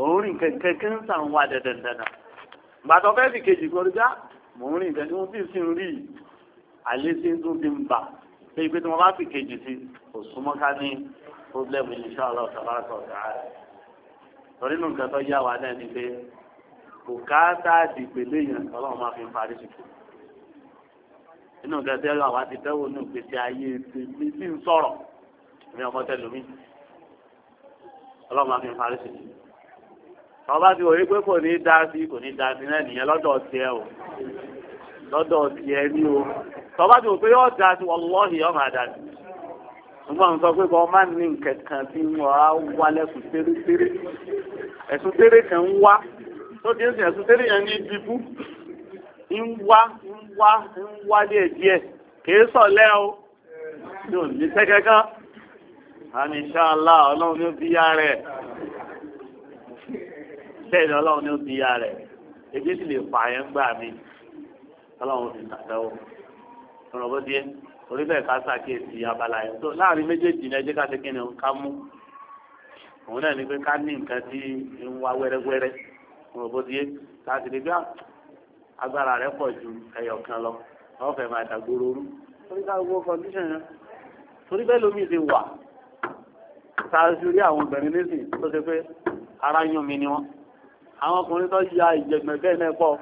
òun rí nǹkan kẹ̀kẹ́ ń sàn wá dẹdẹdẹdẹ gbàtọ fẹẹ fi kejì gbọdọdá mò ń rí nǹkan tí wọn fi sí ń rí àlẹ sí tó fi ń bà pé pé tí wọn bá fi kejì sí kò súnmọ́ ká ní pọblẹmù insha Allah tabaraka wa ta'ala torí nù nǹkan tó yá wa náà ni pé kò ká tá a yẹn Ọlọ́run máa fi ń parí sùkúrù inú nǹkan tí Ọlọ́run àwa ti dẹwò nù pèsè ayé ti ti ń sọ̀rọ̀ mi ọmọ tẹlumi. ọlọ́run àfi parí sí i tọ́ ti wòye pé kò ní dá sí kò ní dá o lọ́dọ̀ tiẹ̀ ní o tọ́ ti wò pé yóò dá sí wọlọ́ọ̀hì yóò máa dá sí pé kọ́ máa ní nǹkan tí wọ́n á wá lẹ́sùn téré ẹ̀sùn téré kan ń wá tó ti ń sìn yẹn ní dìbú ń o yóò ní àmì ṣáàlá ọlọ́run ní ó bí yá rẹ̀ bẹ́ẹ̀ni ọlọ́run ní ó bí yá rẹ̀ ebi sì lè pa yẹn gbà mí ọlọ́run ti sàtẹ́wọ́ ọ̀rọ̀ bó díẹ̀ orí bẹ́ẹ̀ abala yẹn tó láàrin méjèèjì ní ẹjẹ́ kí ni ká mú òun náà ní pé ká ní nǹkan tí ń wá wẹ́rẹ́wẹ́rẹ́ lè ah, agbára rẹ̀ pọ̀ ju ẹyọ lọ wọ́n máa dàgbòrò torí ká gbogbo yẹn torí bẹ́ẹ̀ lómi ti wà ṣáájú rí àwọn obìnrin nísìn tó ṣe pé ara yún mi ni wọn àwọn ọkùnrin tó ya ìjẹ̀gbẹ̀ bẹ́ẹ̀ náà pọ̀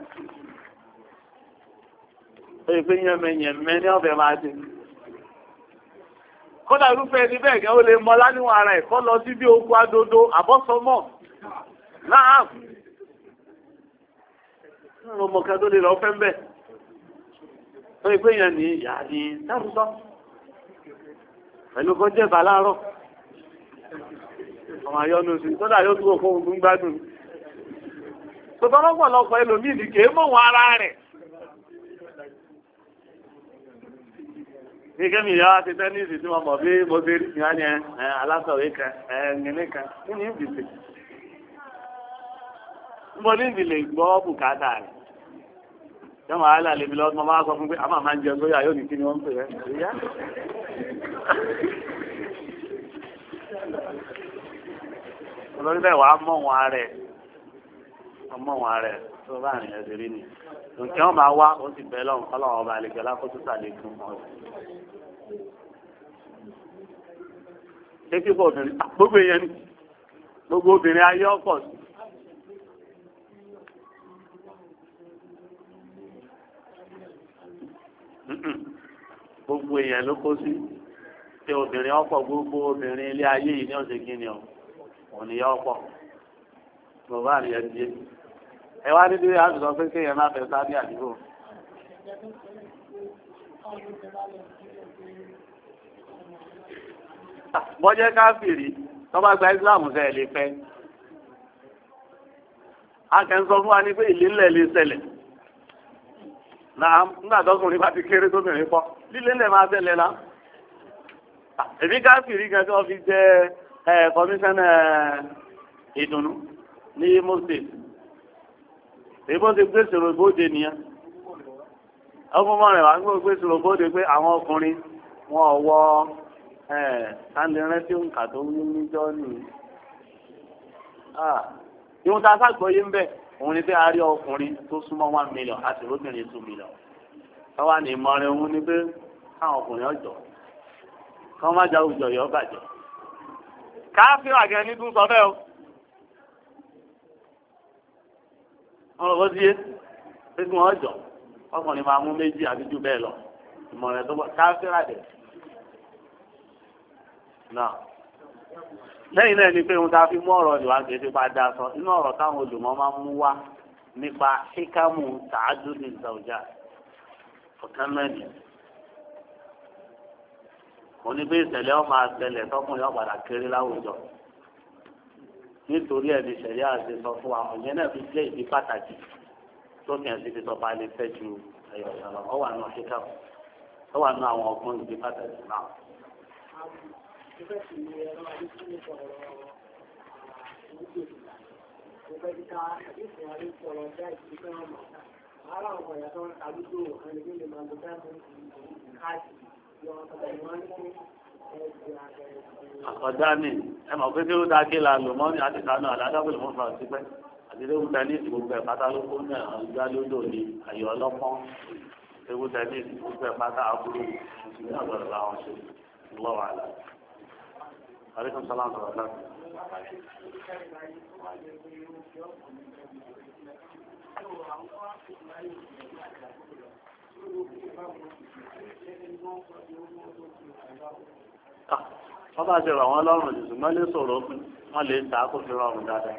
tó ṣe pé yẹmẹyẹmẹ ní ọ̀bẹ máa ṣe kódà irúfẹ́ ẹni bẹ́ẹ̀ gẹ́ ó lè mọ láníwọ̀n ara ẹ̀ kọ́ lọ sí bí oko adodo àbọ́sọmọ́ náà ọmọ kan tó lè lọ fẹ́ mbẹ́ tó ṣe pé yẹn ní ìyá ni dárúsọ pẹ̀lú kọjá ìbá láàárọ̀. ọmọ ayọ́nu sí tọ́lá yóò dúró fún ogun gbádùn. tọ́tọ́ lọ́pọ̀lọpọ̀ ẹlòmíì ní kèé mọ̀ wọn ara rẹ̀. gẹ́gẹ́ mi yàrá ti tẹ́nísì tí mo mọ̀ bí mo rí ìyá ni alásọ̀wé kan kan kí ni mo ní ìdílé gbọ́ bùkátà rẹ̀ yọ́n sọ fún pé máa ń jẹ ní kí ni wọ́n ń olórí bẹ́ẹ̀ wàá mọ̀ wọn rẹ̀ ọmọ wọn rẹ̀ tó bá rìn ẹ̀sìn rí ni nǹkan ọmọ àwa ó sì bẹ́ẹ̀ lọ́wọ́ kọ́lọ́wọ́ ọba àlejò alákòóso sàlékún mọ́ ṣé kíkọ́ obìnrin gbogbo èèyàn ni gbogbo obìnrin ayé ọ̀pọ̀ sí. gbogbo èèyàn ló kó sí pé obìnrin ọ̀pọ̀ gbogbo obìnrin ilé ayé yìí ní ọ̀sẹ̀ kí ni ọ̀hún. òní yọ pọ̀ bàbá àríyá di ẹ wá níbi àgùdọ̀ pé kéèyàn má fẹ́ sáà ní àdúgbò. bọ́jẹ́ káfíìrì tọ́ba gba Islam sẹ́ẹ̀ lè fẹ́ akẹ́ńsọ fún wa ní pé ìlú ńlẹ̀ lè ṣẹlẹ̀ náà nígbà tọkùnrin bá ti kéré tó bẹ̀rẹ̀ pọ̀ líle ńlẹ̀ máa ṣẹlẹ̀ náà èmi káfíìrì gan tí wọ́n fi jẹ́ ẹ́. kọmíṣánná ìdùnnú ní Imo State ti gbé sọ̀rọ̀ bóde nìyẹn ọgbọ́n mọ́ rẹ̀ wá ń gbé sọ̀rọ̀ bóde pé àwọn ọkùnrin wọn ò wọ tí ó ń kà tó ń níjọ́ ìwọ̀n ah, a sàgbọ́yé ń bẹ̀ òun ni pé a rí ọkùnrin tó súnmọ́ one million àti two million. ní káfíń àgẹ ní tún sọ bẹ́ẹ̀ o. wọ́n lọ́wọ́ sí yé pé kí wọ́n jọ ọkùnrin máa mú méjì àbí jù bẹ́ẹ̀ lọ ìmọ̀ràn tó bọ̀ káfíń àgẹ. náà lẹ́yìn náà ni pé ohun tá a fi mú ọ̀rọ̀ ìwà kìí ṣe padà sọ inú ọ̀rọ̀ táwọn olùmọ̀ máa ń mú wá nípa ṣíkàmù tààdù ní ìzàwùjá ọ̀kan mẹ́rin òní pé ìṣẹ̀lẹ̀ ọmọ àṣẹlẹ̀ tọkùnrin ọ̀padà kéré láwùjọ nítorí ẹ̀mí ìṣẹ̀lẹ̀ àṣẹ sọ fún wa ọ̀yẹ́ náà fi jẹ́ ìdí pàtàkì tó kẹ̀ sí fi sọpa lè fẹ́ ju ẹ̀yọ̀ ìṣẹ̀lẹ̀ ọ wà nù ọ̀ṣẹ́ká ọ àwọn ọkùnrin ìdí pàtàkì náà. Ara ọ̀pọ̀ ìyàtọ̀ tàbí tó àlejò lè máa lọ dáàbò káàkiri àkọjá ni ẹ mọ̀ pé tí ó dá kí la lò mọ́ ní àti kánú àdádábòlò mọ́ fàá sípẹ́ àti tí ó ń tẹ́lẹ̀ ìsìn gbogbo ẹ̀ pátá ló kó ní àjọ lódò ní àyọ̀ ọlọ́pọ́n ewu tẹ́lẹ̀ ìsìn gbogbo ẹ̀ pátá aburú ní àgbọ̀rọ̀ làwọn ṣe lọ́wọ́ àlà. àríkùn sọlá ń sọ̀rọ̀ náà. Thank Ah, wọ́n bá ṣe rọ̀ lọ́rùn jù ṣùgbọ́n lè sọ̀rọ̀ fún wọ́n lè ta kó fi rọrùn dáadáa